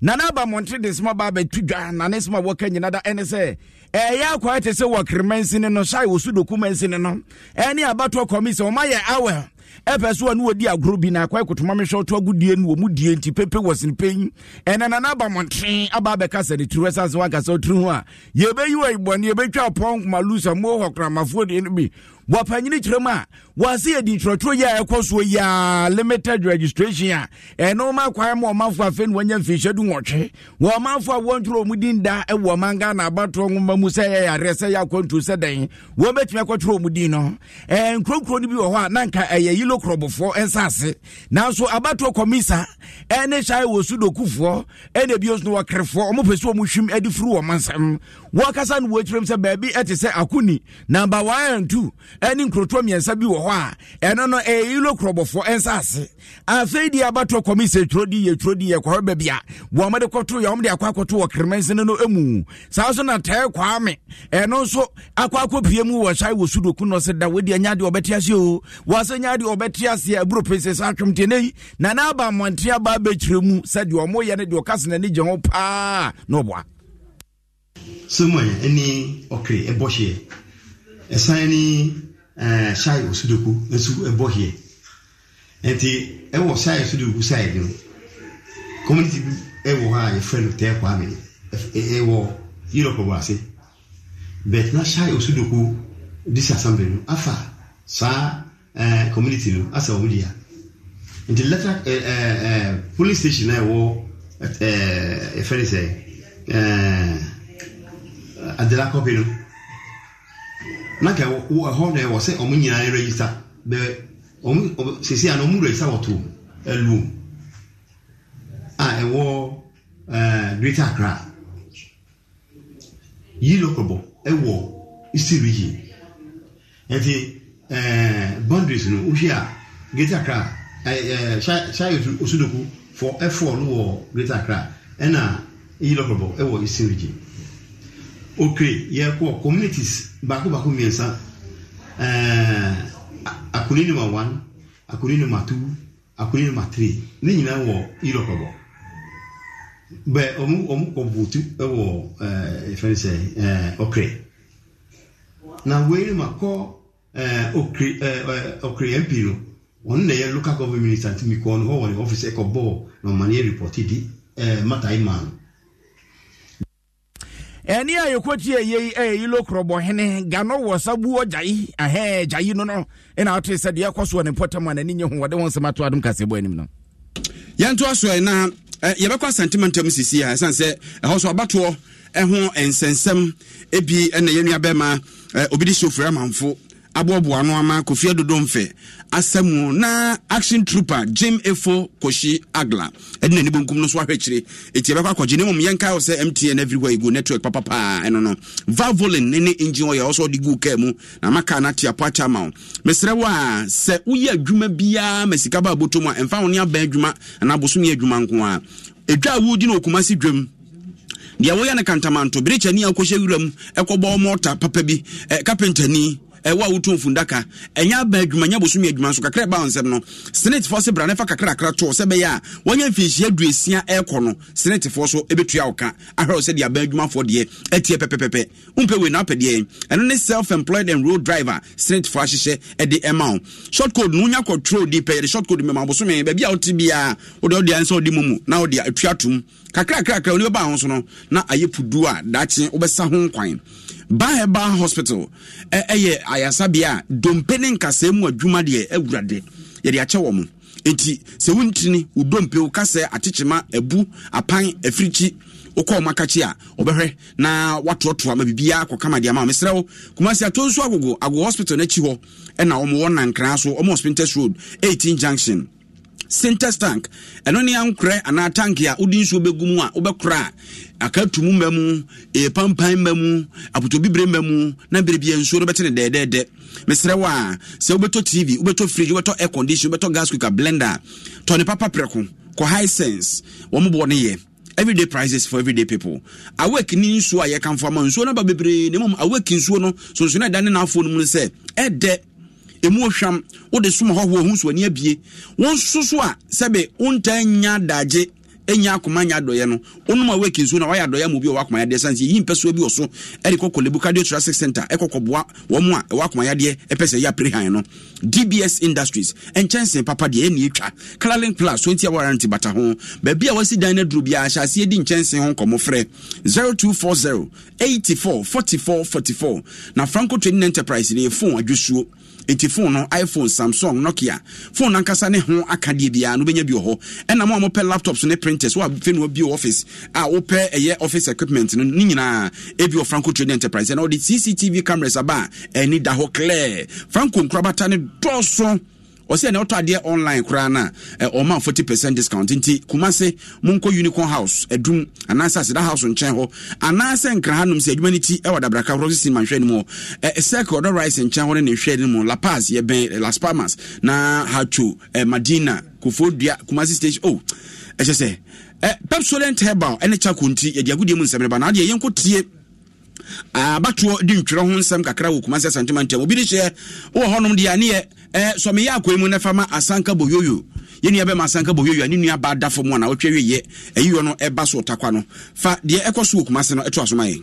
nana aba mmɔntere de soma ba abɛtu dwa na ne soma wɔka nyina da ɛne sɛ ɛyɛ akwaa te sɛ wɔkremansi no no hyɛe wɔ so dokumansini no ɛne abatoɔ kɔmi sɛ ɔma yɛ awel ɛpɛ so a ne wɔdi agorɔ bi na akɔ akotoma mehwɛ woto agodie no wɔ mu die nti pepe wɔ senepɛyi ɛnɛ nana aba mɔnten aba bɛka sɛ ne tiri wɛ sase woakasa wotiri ho a yɛbɛyi wɔ ibɔne yɛbɛtwa pɔnkoma lusa mohɔkramafoɔ deɛ no bi wɔpanyini kyerɛ mu a wɔase yɛ di yi a ɛkɔ soɔ yia limited registration a ɛno ma kwae ma ɔmanfoɔ afei ne wɔanya mfiihyɛ du nwɔtwe wɔ ɔmanfoɔ a wɔntwerɛ ɔmu din da ɛwɔ ɔmanka na abatoɔ nwoma mu sɛ yɛyareɛ sɛ yɛakwantu sɛ dɛn wɔbɛtumi akɔtwerɛ ɔmu din no nkurokuro no bi wɔ hɔ a na nka ɛyɛ yilo korɔbofoɔ nsase nanso abatoɔ kɔmisa ɛne hyae wɔ sudokufoɔ ɛna bio so no wɔkerefoɔ ɔmo sɛ ɔmo hwim ade firi wɔ mansɛm wɔkasa no wɔkyerɛm sɛ baabi ɛte sɛ akoni number one and two ɛne nkurotoɔ mmiɛnsa bi wɔ hɔ a ɛno no yilo kurɔbɔfoɔ ɛnsa ase afei deɛ abato kɔmi sɛ turo di yɛ turo di yɛ kɔhɔ baabi a wɔn de kɔto yɛ wɔn de akɔ akɔto wɔ kirimansin no emu saa so na tɛɛ me ɛno nso akɔ akɔ pie mu wɔ hyɛn wɔ sudo na ɔsɛ da wɔdi anya deɛ ɔbɛte ase o wɔasɛ nya deɛ ɔbɛte ase aburo pese saa atwom te ne yi na n'aba mmɔnten aba abɛkyerɛ mu sɛ deɛ ɔmo yɛ ne deɛ ɔkasa n'ani gye ho paa na ɔboa. sọmọ yẹn ẹni ọkẹrẹ ẹbọ ɛsan ni ɛɛ shai osudoku nso ɛbɔ hie nti ɛwɔ shai osudoku side no community bi ɛwɔ hɔ a yɛfrɛ no tɛɛ kwame ɛwɔ europe wɔ ase but na shai osudoku disassembly no afa saa ɛɛ community no asa wɔn dia nti letter ɛɛ ɛɛ police station na ɛwɔ ɛɛ yɛfrɛ no sɛ ɛɛ adela kɔpi no na nka wɔ ɛhɔ na ɛwɔ sɛ ɔmo nyinaa rɛgista bɛɛ ɔmo sisi a na ɔmo rɛgista wɔto ɛluo a ɛwɔ ɛɛ greater accra yiri ɔkɔbɔ ɛwɔ eastern region ɛnti ɛɛ boundaries no wohwi a greater accra ɛɛ ɛɛ shire osudoku for ɛfoɔ no wɔ greater accra ɛna yiri ɔkɔbɔ ɛwɔ eastern region. otwe yɛrekɔ communities baako baako mmiɛnsa ɛɛ akụni nima one akụni nima two akụni nima three ne nyinaa wɔ europe bɔ bɛ ɔmu ɔmu kɔ ɛwɔ ɛɛ fɛn sɛ ɛɛ na wei ne ma kɔ ɛɛ ɔkre ɛɛ mp no na yɛ local government minister ti mi kɔ no hɔ wɔ ne na ɔmo report di ɛne a yɛkɔtie ɛyɛ ɛyɛ yilo korɔbɔhene gano wɔ sabuo gyae ahɛ gyae no no ɛna wote sɛ deɛ ɛkɔ so wɔ ne mpɔtam a n'ani nyɛ hu wɔde wo nsɛm ato adom kasebɔ anim no yɛnto asoɛ na yɛbɛkɔ asantemantam sisi a ɛsiane sɛ ɛhɔ so abatoɔ ɛho nsɛnsɛm ebi ɛna yɛnua bɛma obi de hyɛ ofiri amanfo aboaboa no ama kofia dodomfɛ asɛmu na action trooper jim efo koshi agla ɛne na bonkum no so ahwɛ kyire ɛti ɛbɛkɔ akɔgye ne mmom yɛnkae wɔ sɛ mtn everywhere go network papapaa ɛno no vavolin ne ne engine oil wɔ sɛ gu kaa mu na maka no ate apo akyɛ ama wo mesrɛ wo a sɛ woyɛ adwuma biaa ma sika ba abɔtɔ mu a ɛmfa wo ne aba adwuma anaa bosomyɛ adwuma nko a ɛdwa a wodi no ɔkuma se dwam deɛ woyɛ no kantamanto berekyani a wokɔhyɛ wuram ɛkɔbɔ mɔta papa bi eh, ɛwɔ a wotu mfundaka ɛnyɛ aba adwuma nyɛ bosomi adwuma nso kakra ɛba nsɛm no senetefoɔ se bra ne fa kakrakra toɔ sɛ bɛyɛ a wɔnyɛ mfinhyia duesia ɛɛkɔ no senetefoɔ so ɛbɛtua wo ka ahwɛ wo sɛdeɛ aba adwumafoɔ deɛ atiɛ pɛpɛpɛpɛ wompɛ wei na wopɛdeɛ ɛno ne self employed and road driver senetefoɔ ahyehyɛ ɛde e ɛma wo short code no wonya kɔtwerɛ odi pɛ yɛde short code mɛma bosome baabi a wote biaa wode wodeɛ nsɛ wode mu mu na wode atua tum. kakrakrakra oni baa ho so no na ayɛ pudu a dakye wobɛsa ho kwan baheba hospital ɛyɛ e, ayasabea a dompe ne nkasɛɛ mu adwuma deɛ awurade yɛde akyɛ wɔ mo enti sɛ wontini wo dompe wo kasɛ atekyema abu apan afirikyi wokɔ ɔma kakyi a ɔbɛhwɛ na watoɔtoa ma biribiaa kɔkama deɛ ma mesrɛ wo kumasi atɔ nso agogo ago hospital no akyi hɔ ɛna ɔmowɔ nankra so ɔma hospinters road 18 junction sintex tank ɛno ne ankorɛ anaa tank a wode nsuo bɛgu mu a wobɛkorɔ a aka tumu ma mu ɛpampan ma mu apotobibire ma mu na berebia nsuo no bɛte ne dɛɛdɛɛdɛ mesrɛ wo a sɛ wobɛtɔ tv wobɛtɔ fridge wobɛtɔ air condition wobɛtɔ gas cooker blender tɔ ne papa prɛko kɔ high sense wɔm bɔ ne yɛ everyday prices for everyday people awake ni nsuo a yɛkamfo ama nsuo no ba bebree na mmom awake nsuo no sonsono ɛda ne n'afoɔ no mu no sɛ ɛdɛ ɛmu ohwam wode som hɔhoɔ hu so ani abie wo nso so a sɛbe wontaa nya adagye ɛnya akoma nya adɔyɛ no wonom a woaki na wayɛ adɔyɛ mu bi ɔwɔ akoma yadeɛ sane sɛ yɛyi mpɛsoa bi wɔ so ɛde kɔkɔ lebu cardiothoracic center ɛkɔkɔboa wɔn a ɛwɔ akoma yadeɛ ɛpɛ sɛ yɛ apere han no dbs industries nkyɛnsee papa deɛ ɛne ɛtwa clarlink plus so nti a warranty bata ho baabi a wasi dan no aduro biara hyɛ aseɛ di nkyɛnsee ho nkɔmmɔ frɛ 0240 84 44 44 na franco trading enterprise ne efun fon nti phone no iphone samsung nokia phone nankasa ne ho akadeɛ biara no wobɛnya bi wɔ hɔ ɛna mo a laptops ne printers wo a fei no wabio office a wopɛ ɛyɛ office equipment no ne nyinaa ebi wɔ franco trading enterprise ɛna wɔde cctv cameras aba a ɛni da hɔ clear franco nkorabata ne dɔɔso ɔsɛ ɛnɛ wotɔ adeɛ online koraa na a ɔma 40 percent discount nti kuma se monkɔ unicorn house adum anaasɛ aseda house nkyɛn hɔ anaasɛ nkra hanom sɛ adwuma no ti ɛwɔ dabraka horɔ so si manhwɛ no mu ɔdɔ eh, eh, rice nkyɛn hɔ ne nehwɛ no mu la paz yɛbɛn eh, las palmas na hacho madina kofoɔ dua kumase station o oh, ɛkyɛ sɛ pepsolent herbal ɛne chako nti yɛde agodie mu nsɛm ne ba na adeɛ yɛnkɔ tie abatoɔ di ntwerɛ ho nsɛm kakra wɔ kumase asantema ntam obi de hyɛ wowɔ hɔnom deɛ aneɛ sɔmeyɛ akɔi mu na fama asanka boyoyo yɛnua bɛma asanka boyoyo a ne nua ba da fam a na wɔtwɛ wieɛ ayiwɔ no ɛba so ɔtakwa no fa deɛ ɛkɔ so wɔ kumase no ɛto asomayɛ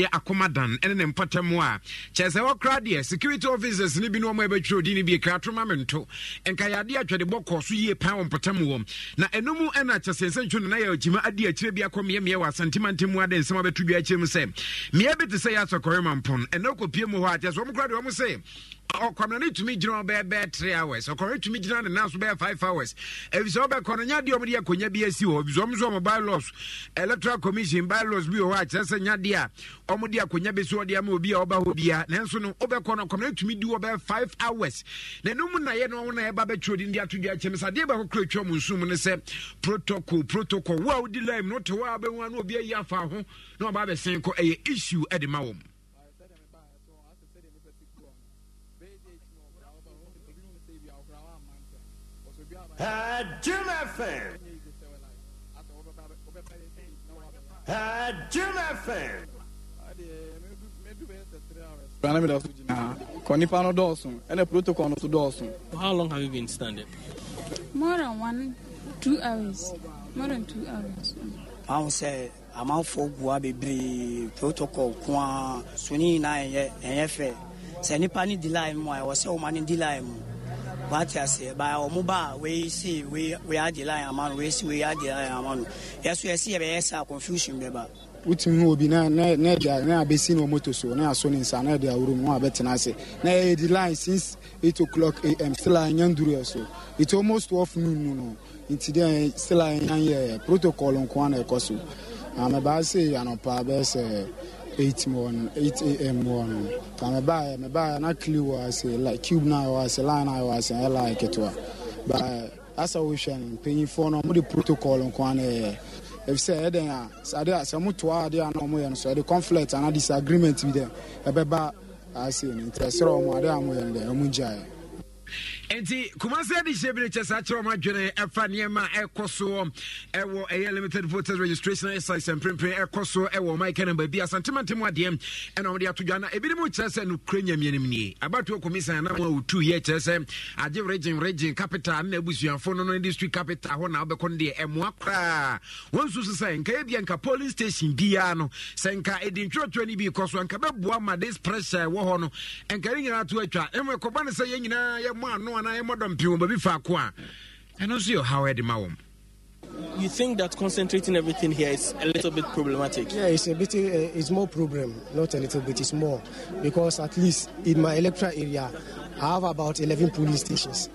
ɛyɛ akomadan ɛne ne mpɔtam a kyerɛ sɛ wɔkora deɛ security officers ne bi ne ɔma ɛbɛtwerɛ din no bi kra toma me nto nkayɛadeɛ atwɛdebɔ kɔɔ so yie paa wɔ mpɔtam wɔ na ɛno mu ɛna kyɛ sɛ sɛ ntwo no na yɛ agyima adi akyirɛ bi akɔ mmeɛmeɛ wɔ asantimantam mu ade nsɛm abɛto dwa akyirɛ mu sɛ mmea bi te sɛ yɛ asɔkɔre ma mpɔn ɛna kɔpie mu hɔ a kyɛ sɛ ɔm deɛ ɔm sɛ ɔkwamna no tumi gyina ɔbɛyɛ bɛyɛ three hours ɔkwamena tumi gyina ne nan so bɛyɛ five hours ebisɛ ɔbɛkɔ no nyadeɛ ɔmo de akonnwa bi asi hɔ ebisɛ ɔmo bylaws electoral commission bylaws bi wɔ hɔ a kyerɛ sɛ nyadeɛ a ɔmo de bi si ɔde ama obi a ɔba hɔ bia nanso no no tumi di five hours na ɛnu no ɔmo na ba bɛtwerɛ di ndi ato dua kyɛm sɛ adeɛ baako kura etwa nsu mu ne sɛ protocol protocol wo a wodi line no te hɔ a bɛnwa no obi ayi afa ho na ɔba kɔ ɛyɛ issue ɛde ma wɔn. How long have you been standing? More than one, two hours. More than two hours. Ahu sɛ amanfoɔ gua bebree protocol ko a so ne nyinaa ɛyɛ ɛyɛ fɛ sɛ nipa ne di line i a ɛwɔ sɛ ɔma line wate ase ba ɔmo ba wei si wei wei agyela yɛn ama no wei si wei agyela yɛn ama no yɛso yɛsi yɛbɛyɛ sa confusion bɛba wotumi hu obi na na na abɛsi na moto so na aso ne nsa na ɛde awuro mu na abɛtena ase na yɛdi eh, line since eight o'clock am still a yɛn duru yɛ so it's almost twelve noon no nti dɛ eh, still a yɛn yɛ protocol nko ara na so na mɛ ba se anɔpa bɛ 8 morning, 8 a.m. morning. And I buy, I buy, and I clue what I say, like cube now, I say, line now, I say, I like it. But uh, as a wish i paying for no the protocol on Kwane. Eh. If say, eh, then ah, I said, I'm to add the anomaly, so the conflict and a disagreement with them. Eh, I say, I'm interested in what I'm doing, I'm enjoying. nti kumase de hyɛ bi ne kyɛ saa kyerɛ ɔma adwene ɛfa nneɛma ɛkɔ soɔ ɛwɔ ɛyɛ limited voters registration exercise mprempren ɛkɔ so ɛwɔ mike ɛka namba bi asantemantemu adeɛ ɛna ɔmde ato dwa na ebinom kyerɛ sɛ nokura nyamianim nie abatoɔ commission anam a wɔtu yɛ kyerɛ sɛ agye regin regin capital ne abusuafo no no district capital hɔ na wobɛkɔ no deɛ ɛmmoa koraa wɔnsu so sɛ nka ɛbia nka polling station biara no sɛ nka ɛdi ntwerɛtwerɛ no bi kɔ so anka bɛboa ma this pressure ɛwɔ e hɔ no nka ne nyinaa to atwa e ɛmɛkɔba e ne sɛ yɛn nyinaa yɛmmɔ ano anaa ɛmmɔ dɔmpem baabi faako a ɛno nso yɛ ma wɔm you think that concentrating everything here is a little bit problematic? Yeah, it's a bit, uh, it's more problem, not a little bit, it's more. Because at least in my electoral area, I have about 11 police stations.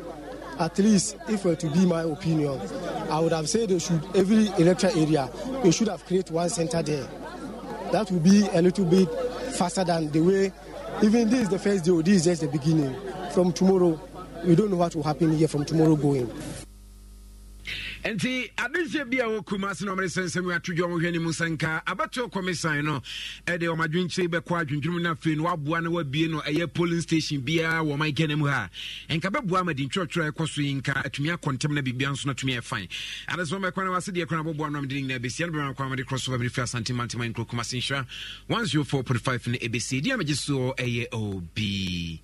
At least, if were to be my opinion, I would have said they should, every electoral area, they should have created one center there. That would be a little bit faster than the way, even this is the first day, this is just the beginning. From tomorrow, we don't know what will happen here from tomorrow going. nti adehyɛ bi a wɔkum ase na ɔmde sɛnsɛm ato dwa ɔmohwɛ no mu sɛ nka no ɛde ɔma bɛkɔ adwendwunom no afei no waboa wabie no ɛyɛ polling station biara wɔ ɔma ikɛ no mu ha ɛnka bɛboa ma de ntwerɛtwerɛ ɛkɔ so yi nka atumi na biribia nso no atumi ɛfan adesɛ ɔmɛkɔ no wasedeɛ kɔ no abɔboa no amde nyinaa bɛsia no bɛma kɔ amade krɔ so fa birifiri asantemantema nkuro kuma se nhyira 104.5 no ɛbɛsie di a megye soɔ ɛyɛ obi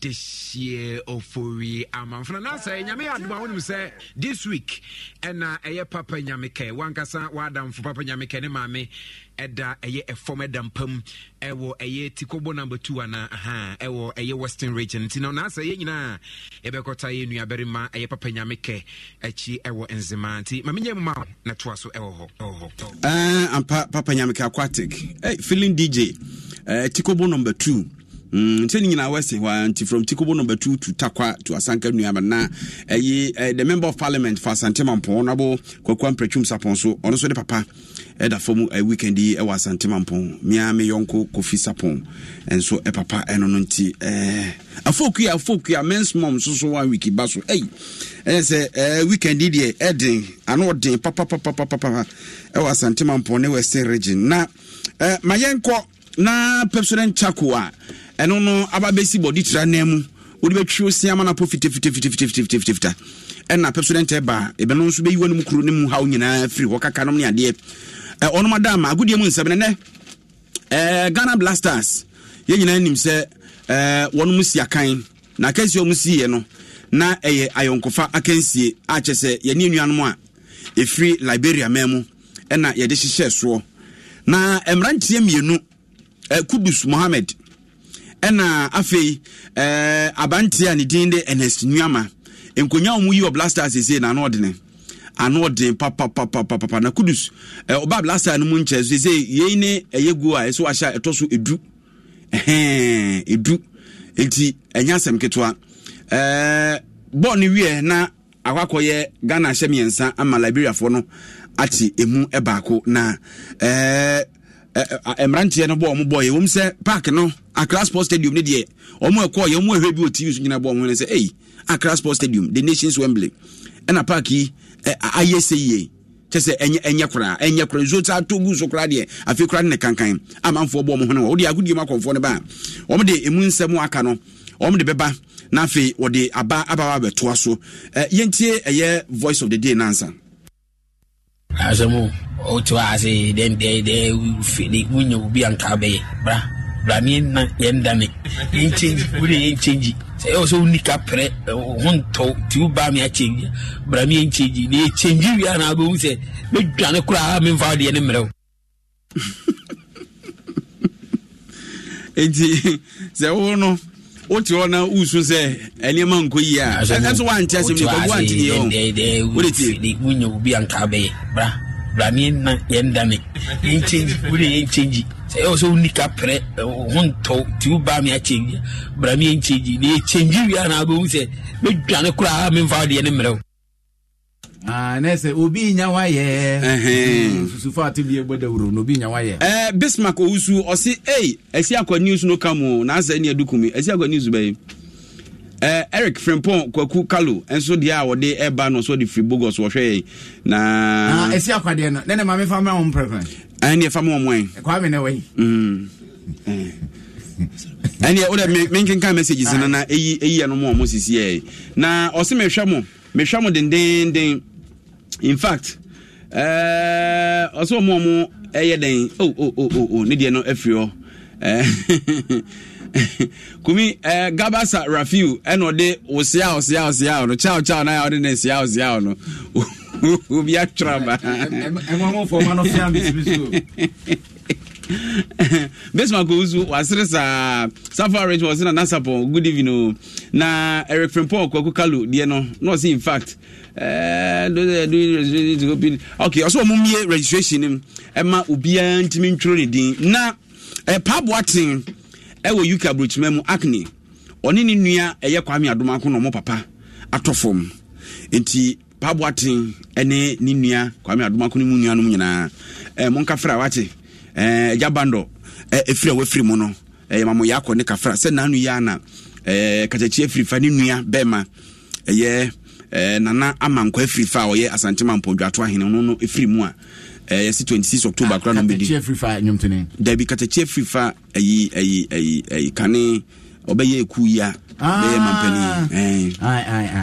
this dehyeɛ ɔfori amanfona na sɛ nyame yɛ adoma wonim sɛ this week ɛna ɛyɛ papa nyamekɛ wankasa waadamfo papa nyamekɛ ne maame ɛda ɛyɛ ɛfam ɛda mpam ɛwɔ ɛyɛ tikɔbɔ number two ana aha ɛwɔ ɛyɛ western region nti no naasɛ yɛ nyinaa yɛbɛkɔta yɛ nuabarima ɛyɛ papa nyamekɛ akyi ɛwɔ nzema nti mamenyɛ mu ma na toa so ɛwɔ hɔ ɛwɔ eh, hɔ ampa papa nyamekɛ aquatic hey, feeling dj uh, eh, tikɔbɔ number two nkyɛ mm, ne nyinaa wɔasi hɔ a nti from tikobo number two to takwa to asanka nnuama na ɛyi the member of parliament for asantema mpɔn honorable kwakua mpratwum sapɔn so ɔno nso de papa ɛda fam weekend yi ɛwɔ asantema mpɔn mia me yɔnko kofi sapɔn ɛnso ɛpapa ɛno no nti ɛɛ afɔkua afɔkua men's mom nso so one week ba so ɛyi ɛyɛ sɛ ɛɛ weekend yi deɛ ɛden ano ɔden papapapapapa ɛwɔ asantema mpɔn ne western region na ɛɛ mayɛnkɔ na pepsodent chako a. ɛno no aba bɛsi bɔde tra nan mu wode bɛtwi osi ama no po fitafitafitafitafita ɛna president ɛba ɛbɛno nso bɛyi wɔnom kuro no mu haw nyinaa firi hɔ kaka nom ne adeɛ ɔnom ada ma agodeɛ mu nsɛm nenɛ ghana blasters yɛn nyinaa nim sɛ wɔnom si akan na akansie ɔm siiɛ no na ɛyɛ ayɔnkofa akansie akyɛ sɛ yɛne nnuanom a ɛfiri liberia man mu ɛna yɛde hyehyɛ soɔ na mmeranteɛ mmienu kudus mohammed ɛna afei ɛɛ abanteɛ a ne din de ernest nnuama nkonnwa a wɔn yi wɔ blaster asiesie na ano ɔdene ano ɔdene papapapapapa na kudus ɛɛ ɔbaa blaster no mu nkyɛn so sɛ yei ne ɛyɛ go a ɛso ahyɛ a ɛtɔ so edu ɛhɛn edu eti ɛnya asɛm ketewa ɛɛ bɔɔl no wiɛ na yɛ ghana ahyɛ mmiɛnsa ama liberiafoɔ no ate emu baako na ɛɛ. mmeranteɛ no bɔ ɔmo bɔ yɛ wɔm sɛ park no akra sports stadium ne deɛ ɔmo ɛkɔ yɛ ɔmo ɛhwɛ bi wɔ tv so nyina bɔ ɔmo ne sɛ ɛyi akra sports stadium the nations wembley ɛna park yi ayɛ sɛ yie kyɛ sɛ ɛnyɛ ɛnyɛ koraa ɛnyɛ koraa nsuo taa to gu so koraa deɛ afei koraa ne kankan amanfoɔ bɔ ɔmo ho no wɔ wɔde agodie mu akɔnfoɔ no ba ɔmo de emu nsɛm aka no ɔmo de bɛba na afei wɔde aba abawa abɛtoa so ɛyɛntie ɛyɛ voice of the day nansa asɛm wotu ase dɛndɛdɛ wonya obi anka bɛyɛ bra bra na ne yɛna yɛndane yɛnkyɛngyi wode yɛnkyɛngyi sɛ ɛwɔ sɛ woni ka prɛ ho ntɔ nti wobaa me change, bra me yɛnkyɛngyi na yɛkyɛngyi wie anaa bɛhu sɛ mɛdwane koraa memfa wodeɛ ne mmerɛ wo enti sɛ wo no wote hɔ na wosu sɛ nneɛma nkɔ yi a ɛsɛ woankyɛ sɛm ne kɔgu anteneɛ hɔ wode tie wonya obi anka bɛyɛ bra bra ne na yɛndane yɛnkyɛngyi wode yɛnkyɛngyi sɛ ɛwɔ sɛ wonika prɛ ho ntɔ nti wobaa me akyɛngyi oh, bra me yɛnkyɛngyi ne yɛkyɛngyi wie anaa bɛhu sɛ mɛdwane koraa memfa wodeɛ ne mmerɛ wo Ah, nɛsɛ obi nya wayɛ susufo ate na obi nya wayɛ eh, bismark owusu ɔse ei ɛsi akɔ news no ka mu naasɛ ne adukumi ɛsi akɔ news bɛyi eh, eric frempon kwaku kalo nso deɛ a wɔde ɛba no so firi bogos wɔhwɛ na ɛsi ah, akwadeɛ no menkenka message no na ɛyi ɛyi ma ɔmo sisiɛ na ɔse mehwɛ mo mehwɛ mo dendenden in fact ɔsɛ ɔmo ɔmo ɛyɛ dɛn o o o o ne deɛ no afiri hɔ kumi ɛɛ gabasa rafiu ɛna ɔde ɔsia ɔsia ɔsia ɔno kyaw kyaw na ɔde ne ɔsia ɔsia ɔno obi atwere ba. ɛmu amu fɔ ɔmo anɔfia bisimiso. basement kò wusu wasere saa safa rich wɔ se na nasapo good evening o na eric frimpong kwaku kalu deɛ no na in fact. Eh, okay ɔsɛ ɔmo mmie registration nim ɛma obiara eh, ntumi ntwerɛ ne din na eh, paaboa ten ɛwɔ uk aburotuma mu acne ɔne ne nua ɛyɛ kwame adomako na ɔmo papa atɔ fam nti paaboa ten ɛne ne nua kwame adomako ne mu nua nom nyinaa ɛɛ mo nkafra wate ɛɛ ɛgya bandɔ ɛɛ efiri a wafiri mu no ɛyɛ mamu yaakɔ ne kafra sɛ nanu yi ana ɛɛ kakyɛkyɛ efiri fa ne nua bɛɛma ɛyɛ eh, nana amankwa afiri fa a ɔyɛ asantema mpɔdwato ahene no no ɛfiri mu a eh, yɛsi 26 october ah, kora nobɛdi dabi katakyi afiri fa ayi ayi ayi ayi kane ɔbɛyɛ ɛku yi a bɛyɛ ah! mampani eh.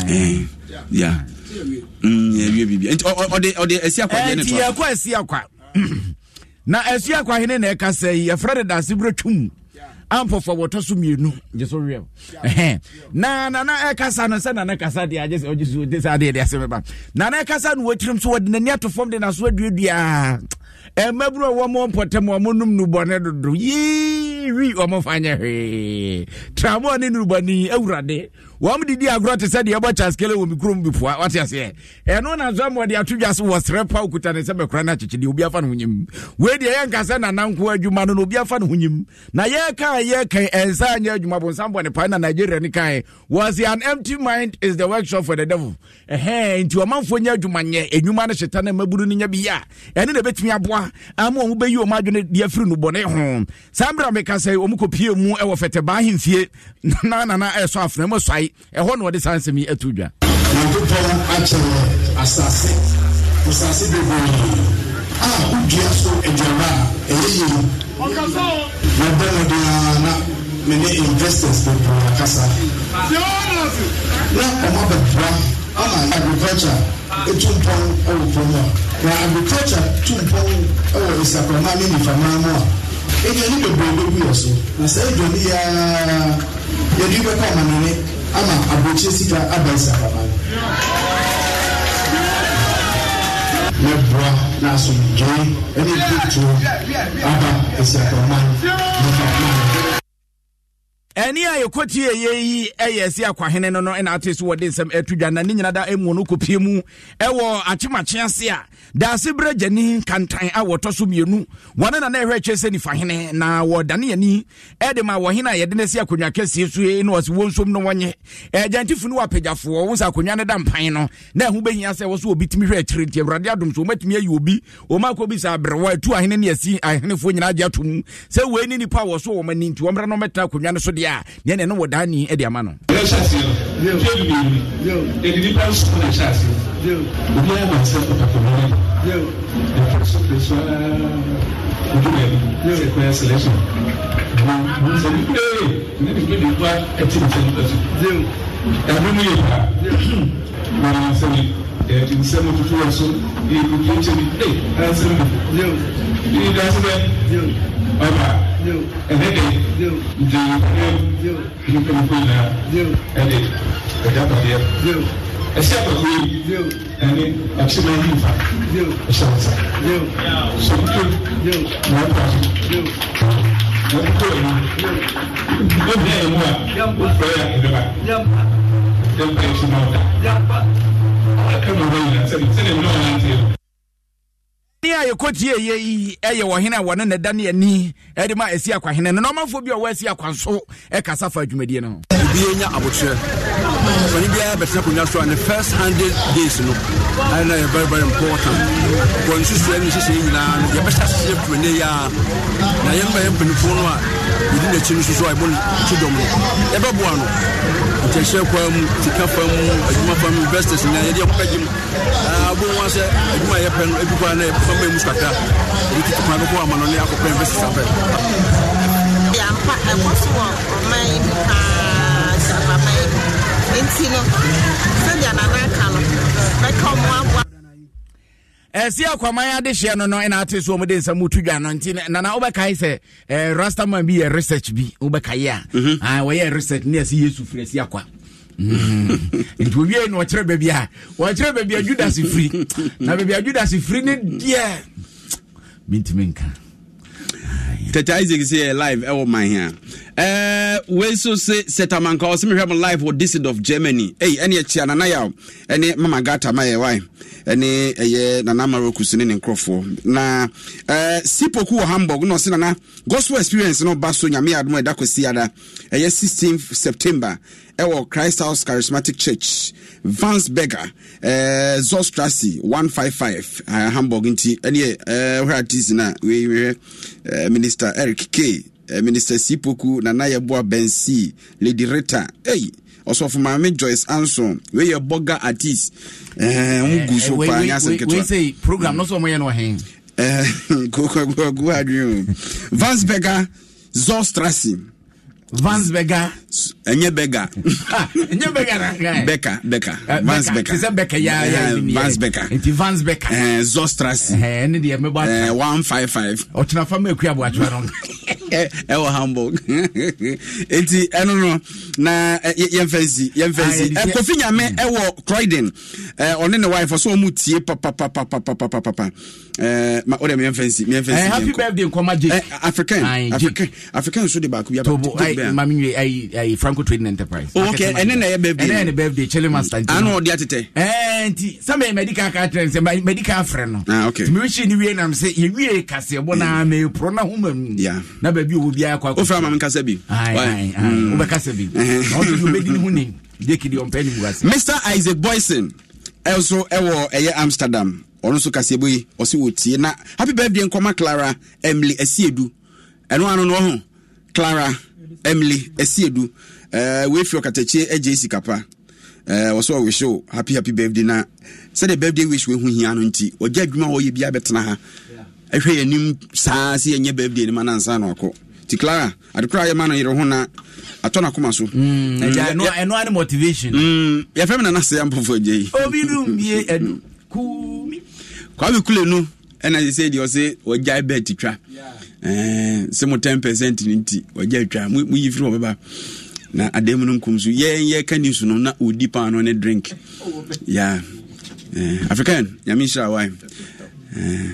eh, ya yɛwie mm, biribi nti ɔde asi akwa deɛ ne to yɛkɔ asi akwa na asi akwa hene na ɛka sɛ yɛfrɛ de daase berɛ twum amfofa wɔtɔ so mmienu gye so real ɛhɛn na nana ɛkasa no sɛ nana kasa deɛ agye sɛ ɔgye so ɔgye sɛ adeɛ deɛ asɛm ba nana ɛkasa no wɔtirim so wɔde n'ani ato fam de n'aso aduadua ɛmɛburo a wɔn mo mpɔtɛm wɔn mo num nubɔne dodo yee. wi ɔmfa nyɛ hwee tramoa ne nurubani awurade wɔm didi agorɔ te sɛ deɛ ɛbɔ kyaskele wɔ me kurom bifoa wate aseɛ ɛno na so ama ɔde ato dwa so wɔserɛ pa wokuta ne sɛ bɛkora no akyekye obi afa no ho nyim wei deɛ yɛnka sɛ nananko adwuma no obi afa no ho nyim na yɛka yɛka ɛnsa e, nyɛ adwuma bonsam ne pa na nigeria ne kae was an empty mind is the workshop for the devil ɛhɛ e, nti ɔmanfoɔ nyɛ adwuma e, nyɛ ɛnwuma no hyeta no maburu no nya bi yɛ a ɛne na ɛbɛtumi aboa ama ɔmo bɛyi ɔmo adwene deɛ afiri no bɔne ho hmm. saa mmerɛ meka aka sɛ ɔmu kɔpie mu ɛwɔ fɛtɛbaa ahemfie na nana ɛsɔ afena mu asɔe ɛhɔ na ɔde saa nsɛm yi ato dwa nyankopɔn akyerɛ asase asase bebree a wodua so aduaba a ɛyɛ yie mɛbɛ no de a na mene investors bebree akasa na ɔma bɛbra ama agriculture etu mpɔn ɛwɔ pɔn mu a na agriculture tu mpɔn ɛwɔ nsakɔma ne nifama mu a ɛdi ɛni bebree bɛ gu yɛ so na sɛ ɛdɔ ni yaa yɛde bɛka amanene ama abɔkye sika aba esi ababa no mɛboa na asomdwee ɛne butuo aba esi ababa no ɛne a yɛkɔtie yɛ yi ɛyɛ ɛsi akwahene no no ɛna ate so wɔde nsɛm ɛto na ne nyina da ɛmu no kɔpie mu ɛwɔ akyemakye ase a daase berɛ gyani kantan a wɔtɔ so mmienu wɔne na na ɛhwɛ kyerɛ sɛ nifahene na wɔdane yani, ɛde ma wɔhene a yɛde no si akonnwa kɛseɛ so na ɔse wɔnsom no wɔnyɛ ɛgyantifo no wapagyafoɔ wo sɛ akonnwa no da mpan no na ɛho bɛhia sɛ wɔ so obi tumi hwɛ akyire nti awurade adom so wɔmatumi ayi obi ɔma akɔ bi sɛ aberɛwɔ atu ahene ne asi ahenefoɔ nyinaa agye ato mu sɛ wei ne nnipa a wɔ so wɔ ma ni nti wɔmmra no ɔmɛtena akonnwa no so deɛ a neɛ ne ne wɔ daa ni de ama no ɛno ɛti nsɛm tutu wɔ so ɛyɛ kutu nkyɛn mi ɛy ɛnsɛm bi ɛyɛ dansi bɛ ɔba ɛnɛ de nti ɛyɛ nipa nipa nyinaa ɛde ɛdi apadeɛ ɛsi abako yi ɛni ɛkyɛ bɛ yi nfa ɛhyɛ nsa sɔkutu na ɔpa so ɛkutu ɛmu ɛbi ɛmu a ɔyɛ ɛdɛba ɛdɛba ɛsi na ɔda ne a yɛkɔtie yɛ yi ɛyɛ wɔhene a wɔne ne da ani ɛde ma asi akwahene no na bi a wɔasi akwanso ɛkasa fa adwumadie no ho nya abotire ɔne biara bɛtena akonnwa so a ne first hundred days no ayɛ no yɛ very very important wɔ nsusuɛ no nhyehyɛ nyinaa no yɛbɛhyɛ hyehyɛ pene yɛ a na yɛmma yɛ mpanimfoɔ no a yɛdi n'akyi no so so a ɛbɔ ne kyidɔm no yɛbɛboa no nkyɛnhyɛ kwan mu sika fa mu adwuma fa mu investors nyinaa yɛde ɛkɔ agyim abo wa sɛ adwuma a yɛpɛ ebi kwan na yɛpɛ mu so ebi tutu kwan bɛkɔ ama no ne investors abɛ. yampa ɛkɔ so wɔ ɔman yi mu paa sɛ ɔman yi mu nti no sɛdeɛ nana aka no bɛka ɔmo aboa ɛsi akwaman adehyeɛ no no ɛna ate so ɔmde nsa mutu dwa no nti nana wobɛkae sɛ eh, rastaman bi yɛ research bi wobɛkae a mm -hmm. wɔyɛ research ne ɛsɛ yesu firi asi akwa mhm. nti owie na ɔkyerɛ baabi a wɔkyerɛ baabi a judas firi na baabi a judas firi ne deɛ mentumi nka tete isaac sɛ yɛ live ɛwɔ man ha eh, wei so se sɛtamanka ɔ sɛ mehwɛ m live wɔ district of germany ei ɛne ɛkyia nana yaw ɛne mama gata ma yɛ wae ɛne ɛyɛ nana marokus ne ne nkurɔfoɔ na eh, sipoku wɔ hamburg na ɔse nana gospel experience no ba so nyame adom ɛda kɔsi ada ɛyɛ eh, 16 september ɛwɔ christ house charismatic church vansberger eh, zostrasi 155 uh, hamburg nti ɛneɛ uh, whra tis no a weihwɛ uh, Mr. Eric K, uh, Minister Sipoku, Nana Yeboa Bensi, Lady Rita, hey, ɔsɔfo maame joyce anson weyɛ bɔga artist eh, eh, wogu so paa nyɛ asɛm ketewa program no sɛ ɔmɔyɛ no ɔhen kokɔgoagoa adwene o vansberger zostrasi Vans Bega. Enye Bega. Enye Bega na guy. Beka, eh, Beka. Vans Beka. Sɛ Beka ya ya ni. Eh, Vans Beka. Nti Vans Beka. Eh Zostras. Eh ne deɛ mebɔ. Eh 155. Ɔtena fam akua bo atwa no. Ɛwɔ eh, Hamburg. Nti ɛno no na yɛmfa nsi, yɛmfa nsi. Kofi Nyame ɛwɔ Croydon. Eh ɔne ne wife so ɔmu tie papa papa papa papa papa. Eh ma ɔde meyɛmfa nsi, meyɛmfa nsi. Happy birthday nkɔma Jake. African. African. African so de baako bi mami ayi ayi franco trading enterprise. o kɛ na yɛ birthday ɛnɛ yɛ ne birthday chele master eh, nti. anu ɔdi atitɛ. ɛɛ nti sɛbɛn medical kaa tɛn sɛ medical fɛrɛ no. ah ok tumi si ni wiye nam sɛ yɛ wiye kaseɛ bɔ naa mɛ pɔrɔ na ho ma mu. ya na bɛɛbi owo bi akɔ akɔ. o fɛrɛ maami kasa bi. ayi ayi o bɛ kasa bi. ɔn o bɛ di ni hu ni deki di ɔn ni buwase. mr isaac boyson ɛnso ɛwɔ ɛyɛ amsterdam ɔno nso kaseɛbɔ yi ɔsi wɔ tie na happy birthday nkɔma clara emily Esiedu. ɛno ano no clara. emily esiedu ɛɛ uh, wefiri ɔkatakye agye sika pa ɛɛ uh, wɔsɔ wish o happy happy birthday na sɛdeɛ birthday wish wo ehu hia no nti ɔgya adwuma a ɔyɛ bi abɛtena ha ɛhwɛ yɛn anim saa si yɛnyɛ birthday ne ma nansa na ɔkɔ ti clara adekora yɛ ma no yere ho na atɔ mm, mm, no akoma so ɛno ane motivation mm, yɛfrɛ me nana sɛ ampɔfo agya yi obi no mmie adu kumi kwabi kule no ɛna sɛ sɛ deɛ ɔse ɔgyae bɛɛ titwa yeah. Eh, sɛ mo 10 percent no nti wagya atwa moyi firi wɔ bɛba na adan mu no nkom so yɛyɛka ni so no na ɔdi paa no ne drink yeah. uh, african nyame nhyira wa uh, eh.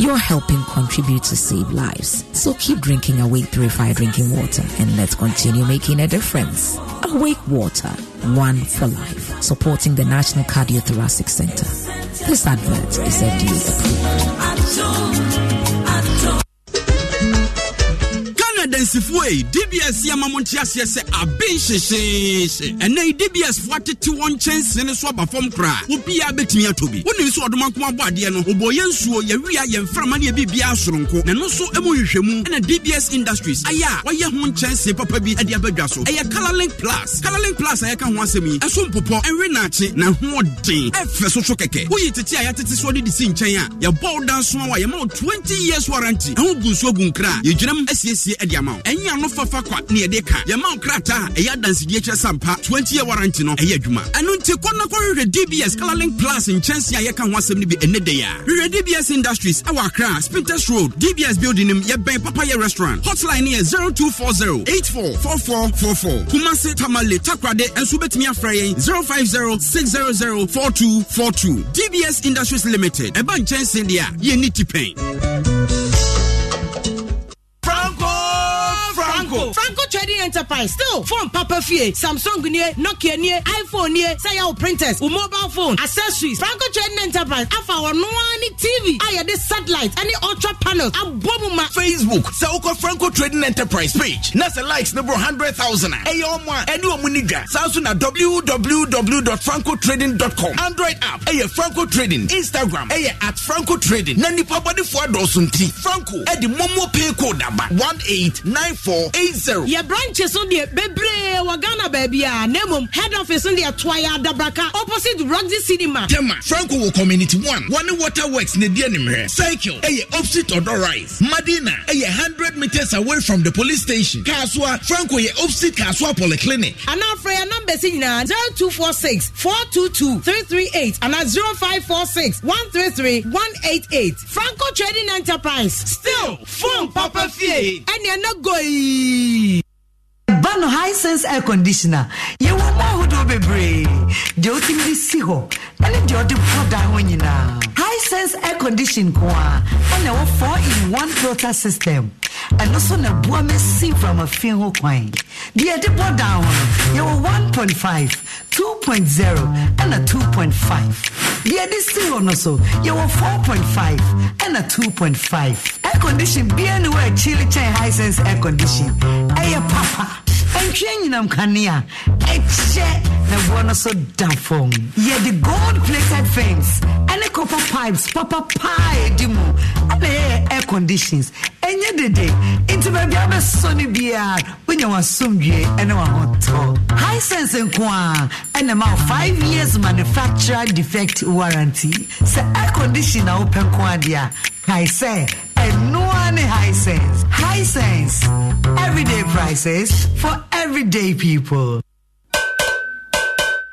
you're helping contribute to save lives. So keep drinking Awake Purified Drinking Water and let's continue making a difference. Awake Water, one for life. Supporting the National Cardiothoracic Center. This advert is FDA approved. adansifoɔ e, yi dbs yɛ ma mo nte aseɛ sɛ aben hyehyeehye ɛnɛ yi dbs foɔ atete wɔn nkyɛnsee no so aba fam koraa wobiaa bɛtumi atɔ bi wonim sɛ ɔdoma nko abɔ adeɛ no wɔbɔ yɛ nsuo yɛwia yɛmframa ne yɛbiribiaa soronko na ɛno nso mu nhwehwɛmu ɛna dbs industries ayɛ a wɔyɛ ho nkyɛnsee papa bi de abadwa so ɛyɛ colorlink plus colorlink plus a yɛka ho asɛm yi ɛso mpopɔ ɛwe naakye na hoɔden ɛfɛ soso so kɛkɛ woyi tete a yɛatete soɔ de de si nkyɛn a yɛbɔ wo dansoa wɔ yɛma wo 20 years warranty ɛho gu nsuo gu nkra a yɛgyinam asiesie de ama wo ɛnyɛ ano fafa kwa ne yɛde ka yɛma wo krataa e a ɛyɛ adansedie kyerɛ sampa 20 yɛ warranty no ɛyɛ e adwuma ɛno nti kɔ na kɔhwehwɛ dbs colorlink plus nkyɛnse a yɛka ho asɛm no bi ɛnɛ dɛ a hwehwɛ dbs industries ɛwɔ e akra spintes road dbs building nim yɛbɛn papayɛ restaurant hotline ne yɛ four four. kumase tamale takrade nso wobɛtumi afra yɛn two. dbs industries limited ɛba nkyɛnse deɛ a yɛnni tipɛn Enterprise still phone papa fie Samsung nie Nokia nie iPhone nie sɛ yɛ printers wo mobile phone accessories Franco Trading Enterprise afa wɔn noa TV a the satellite any ultra panels abɔ mu ma. Facebook sɛ wokɔ Franco Trading Enterprise page na sɛ likes ne bɔ hundred thousand a ɛyɛ ɔmo a ɛne ɔmo ni na www.francotrading.com Android app ɛyɛ Franco Trading Instagram ɛyɛ at Franco Trading na papa bɔdefoɔ adɔɔso nti Franco E ɛde momo pay code aba one eight nine four eight zero. yɛ brand branches no deɛ bebree wɔ ghana baabi head office on the toa yɛ opposite roxy cinema tema franco wɔ community one One waterworks na di animhwɛ cycle ɛyɛ opposite ɔdɔ rise madina a hundred meters away from the police station kasoa franco yɛ opposite kasoa polyclinic anafrɛ yɛ numbers nyinaa 0246 422 338 ana 0546 133 188 franco trading enterprise still phone papa fie ɛneɛ na goii High sense Air Conditioner. You want that who do be brave? The ultimate see ho. And the other put down when now. High sense Air Conditioning Kwa. And our four in one filter system. And also na boom see from a finger coin. The other put down. You were 1.5, 2.0, and a 2.5. The other see on also. You were 4.5, and a 2.5. Air conditioning be anywhere chili high sense air conditioning. Hey, papa ɛntwea nyinam kanea ɛkyɛ na boɔ no so da fam yɛde gold plated fence ɛne copper pipes papa paa ɛdi mu ana ɛyɛ air conditions ɛnyɛ dede nti baabi abɛsɔ no biara wonya w'asomdwie ɛne w'ahotɔ high sense nko a ɛna ma 5 years manufacturer defect warranty sɛ air condition na wopɛ nko adeɛ a kae sɛ no one high sense. everyday prices for everyday people.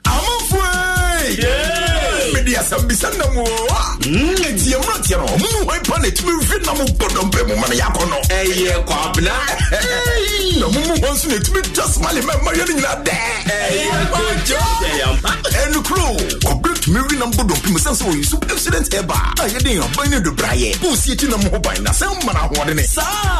I'm afraid. Yeah. Media atumi wi nam bɔdɔ pim sɛ sɛ wɔyi so accident ɛba a yɛde yɛn aban ne dobraeɛ bɔɔsi akyi nam ho ban na sɛ mmara ahoɔdene saa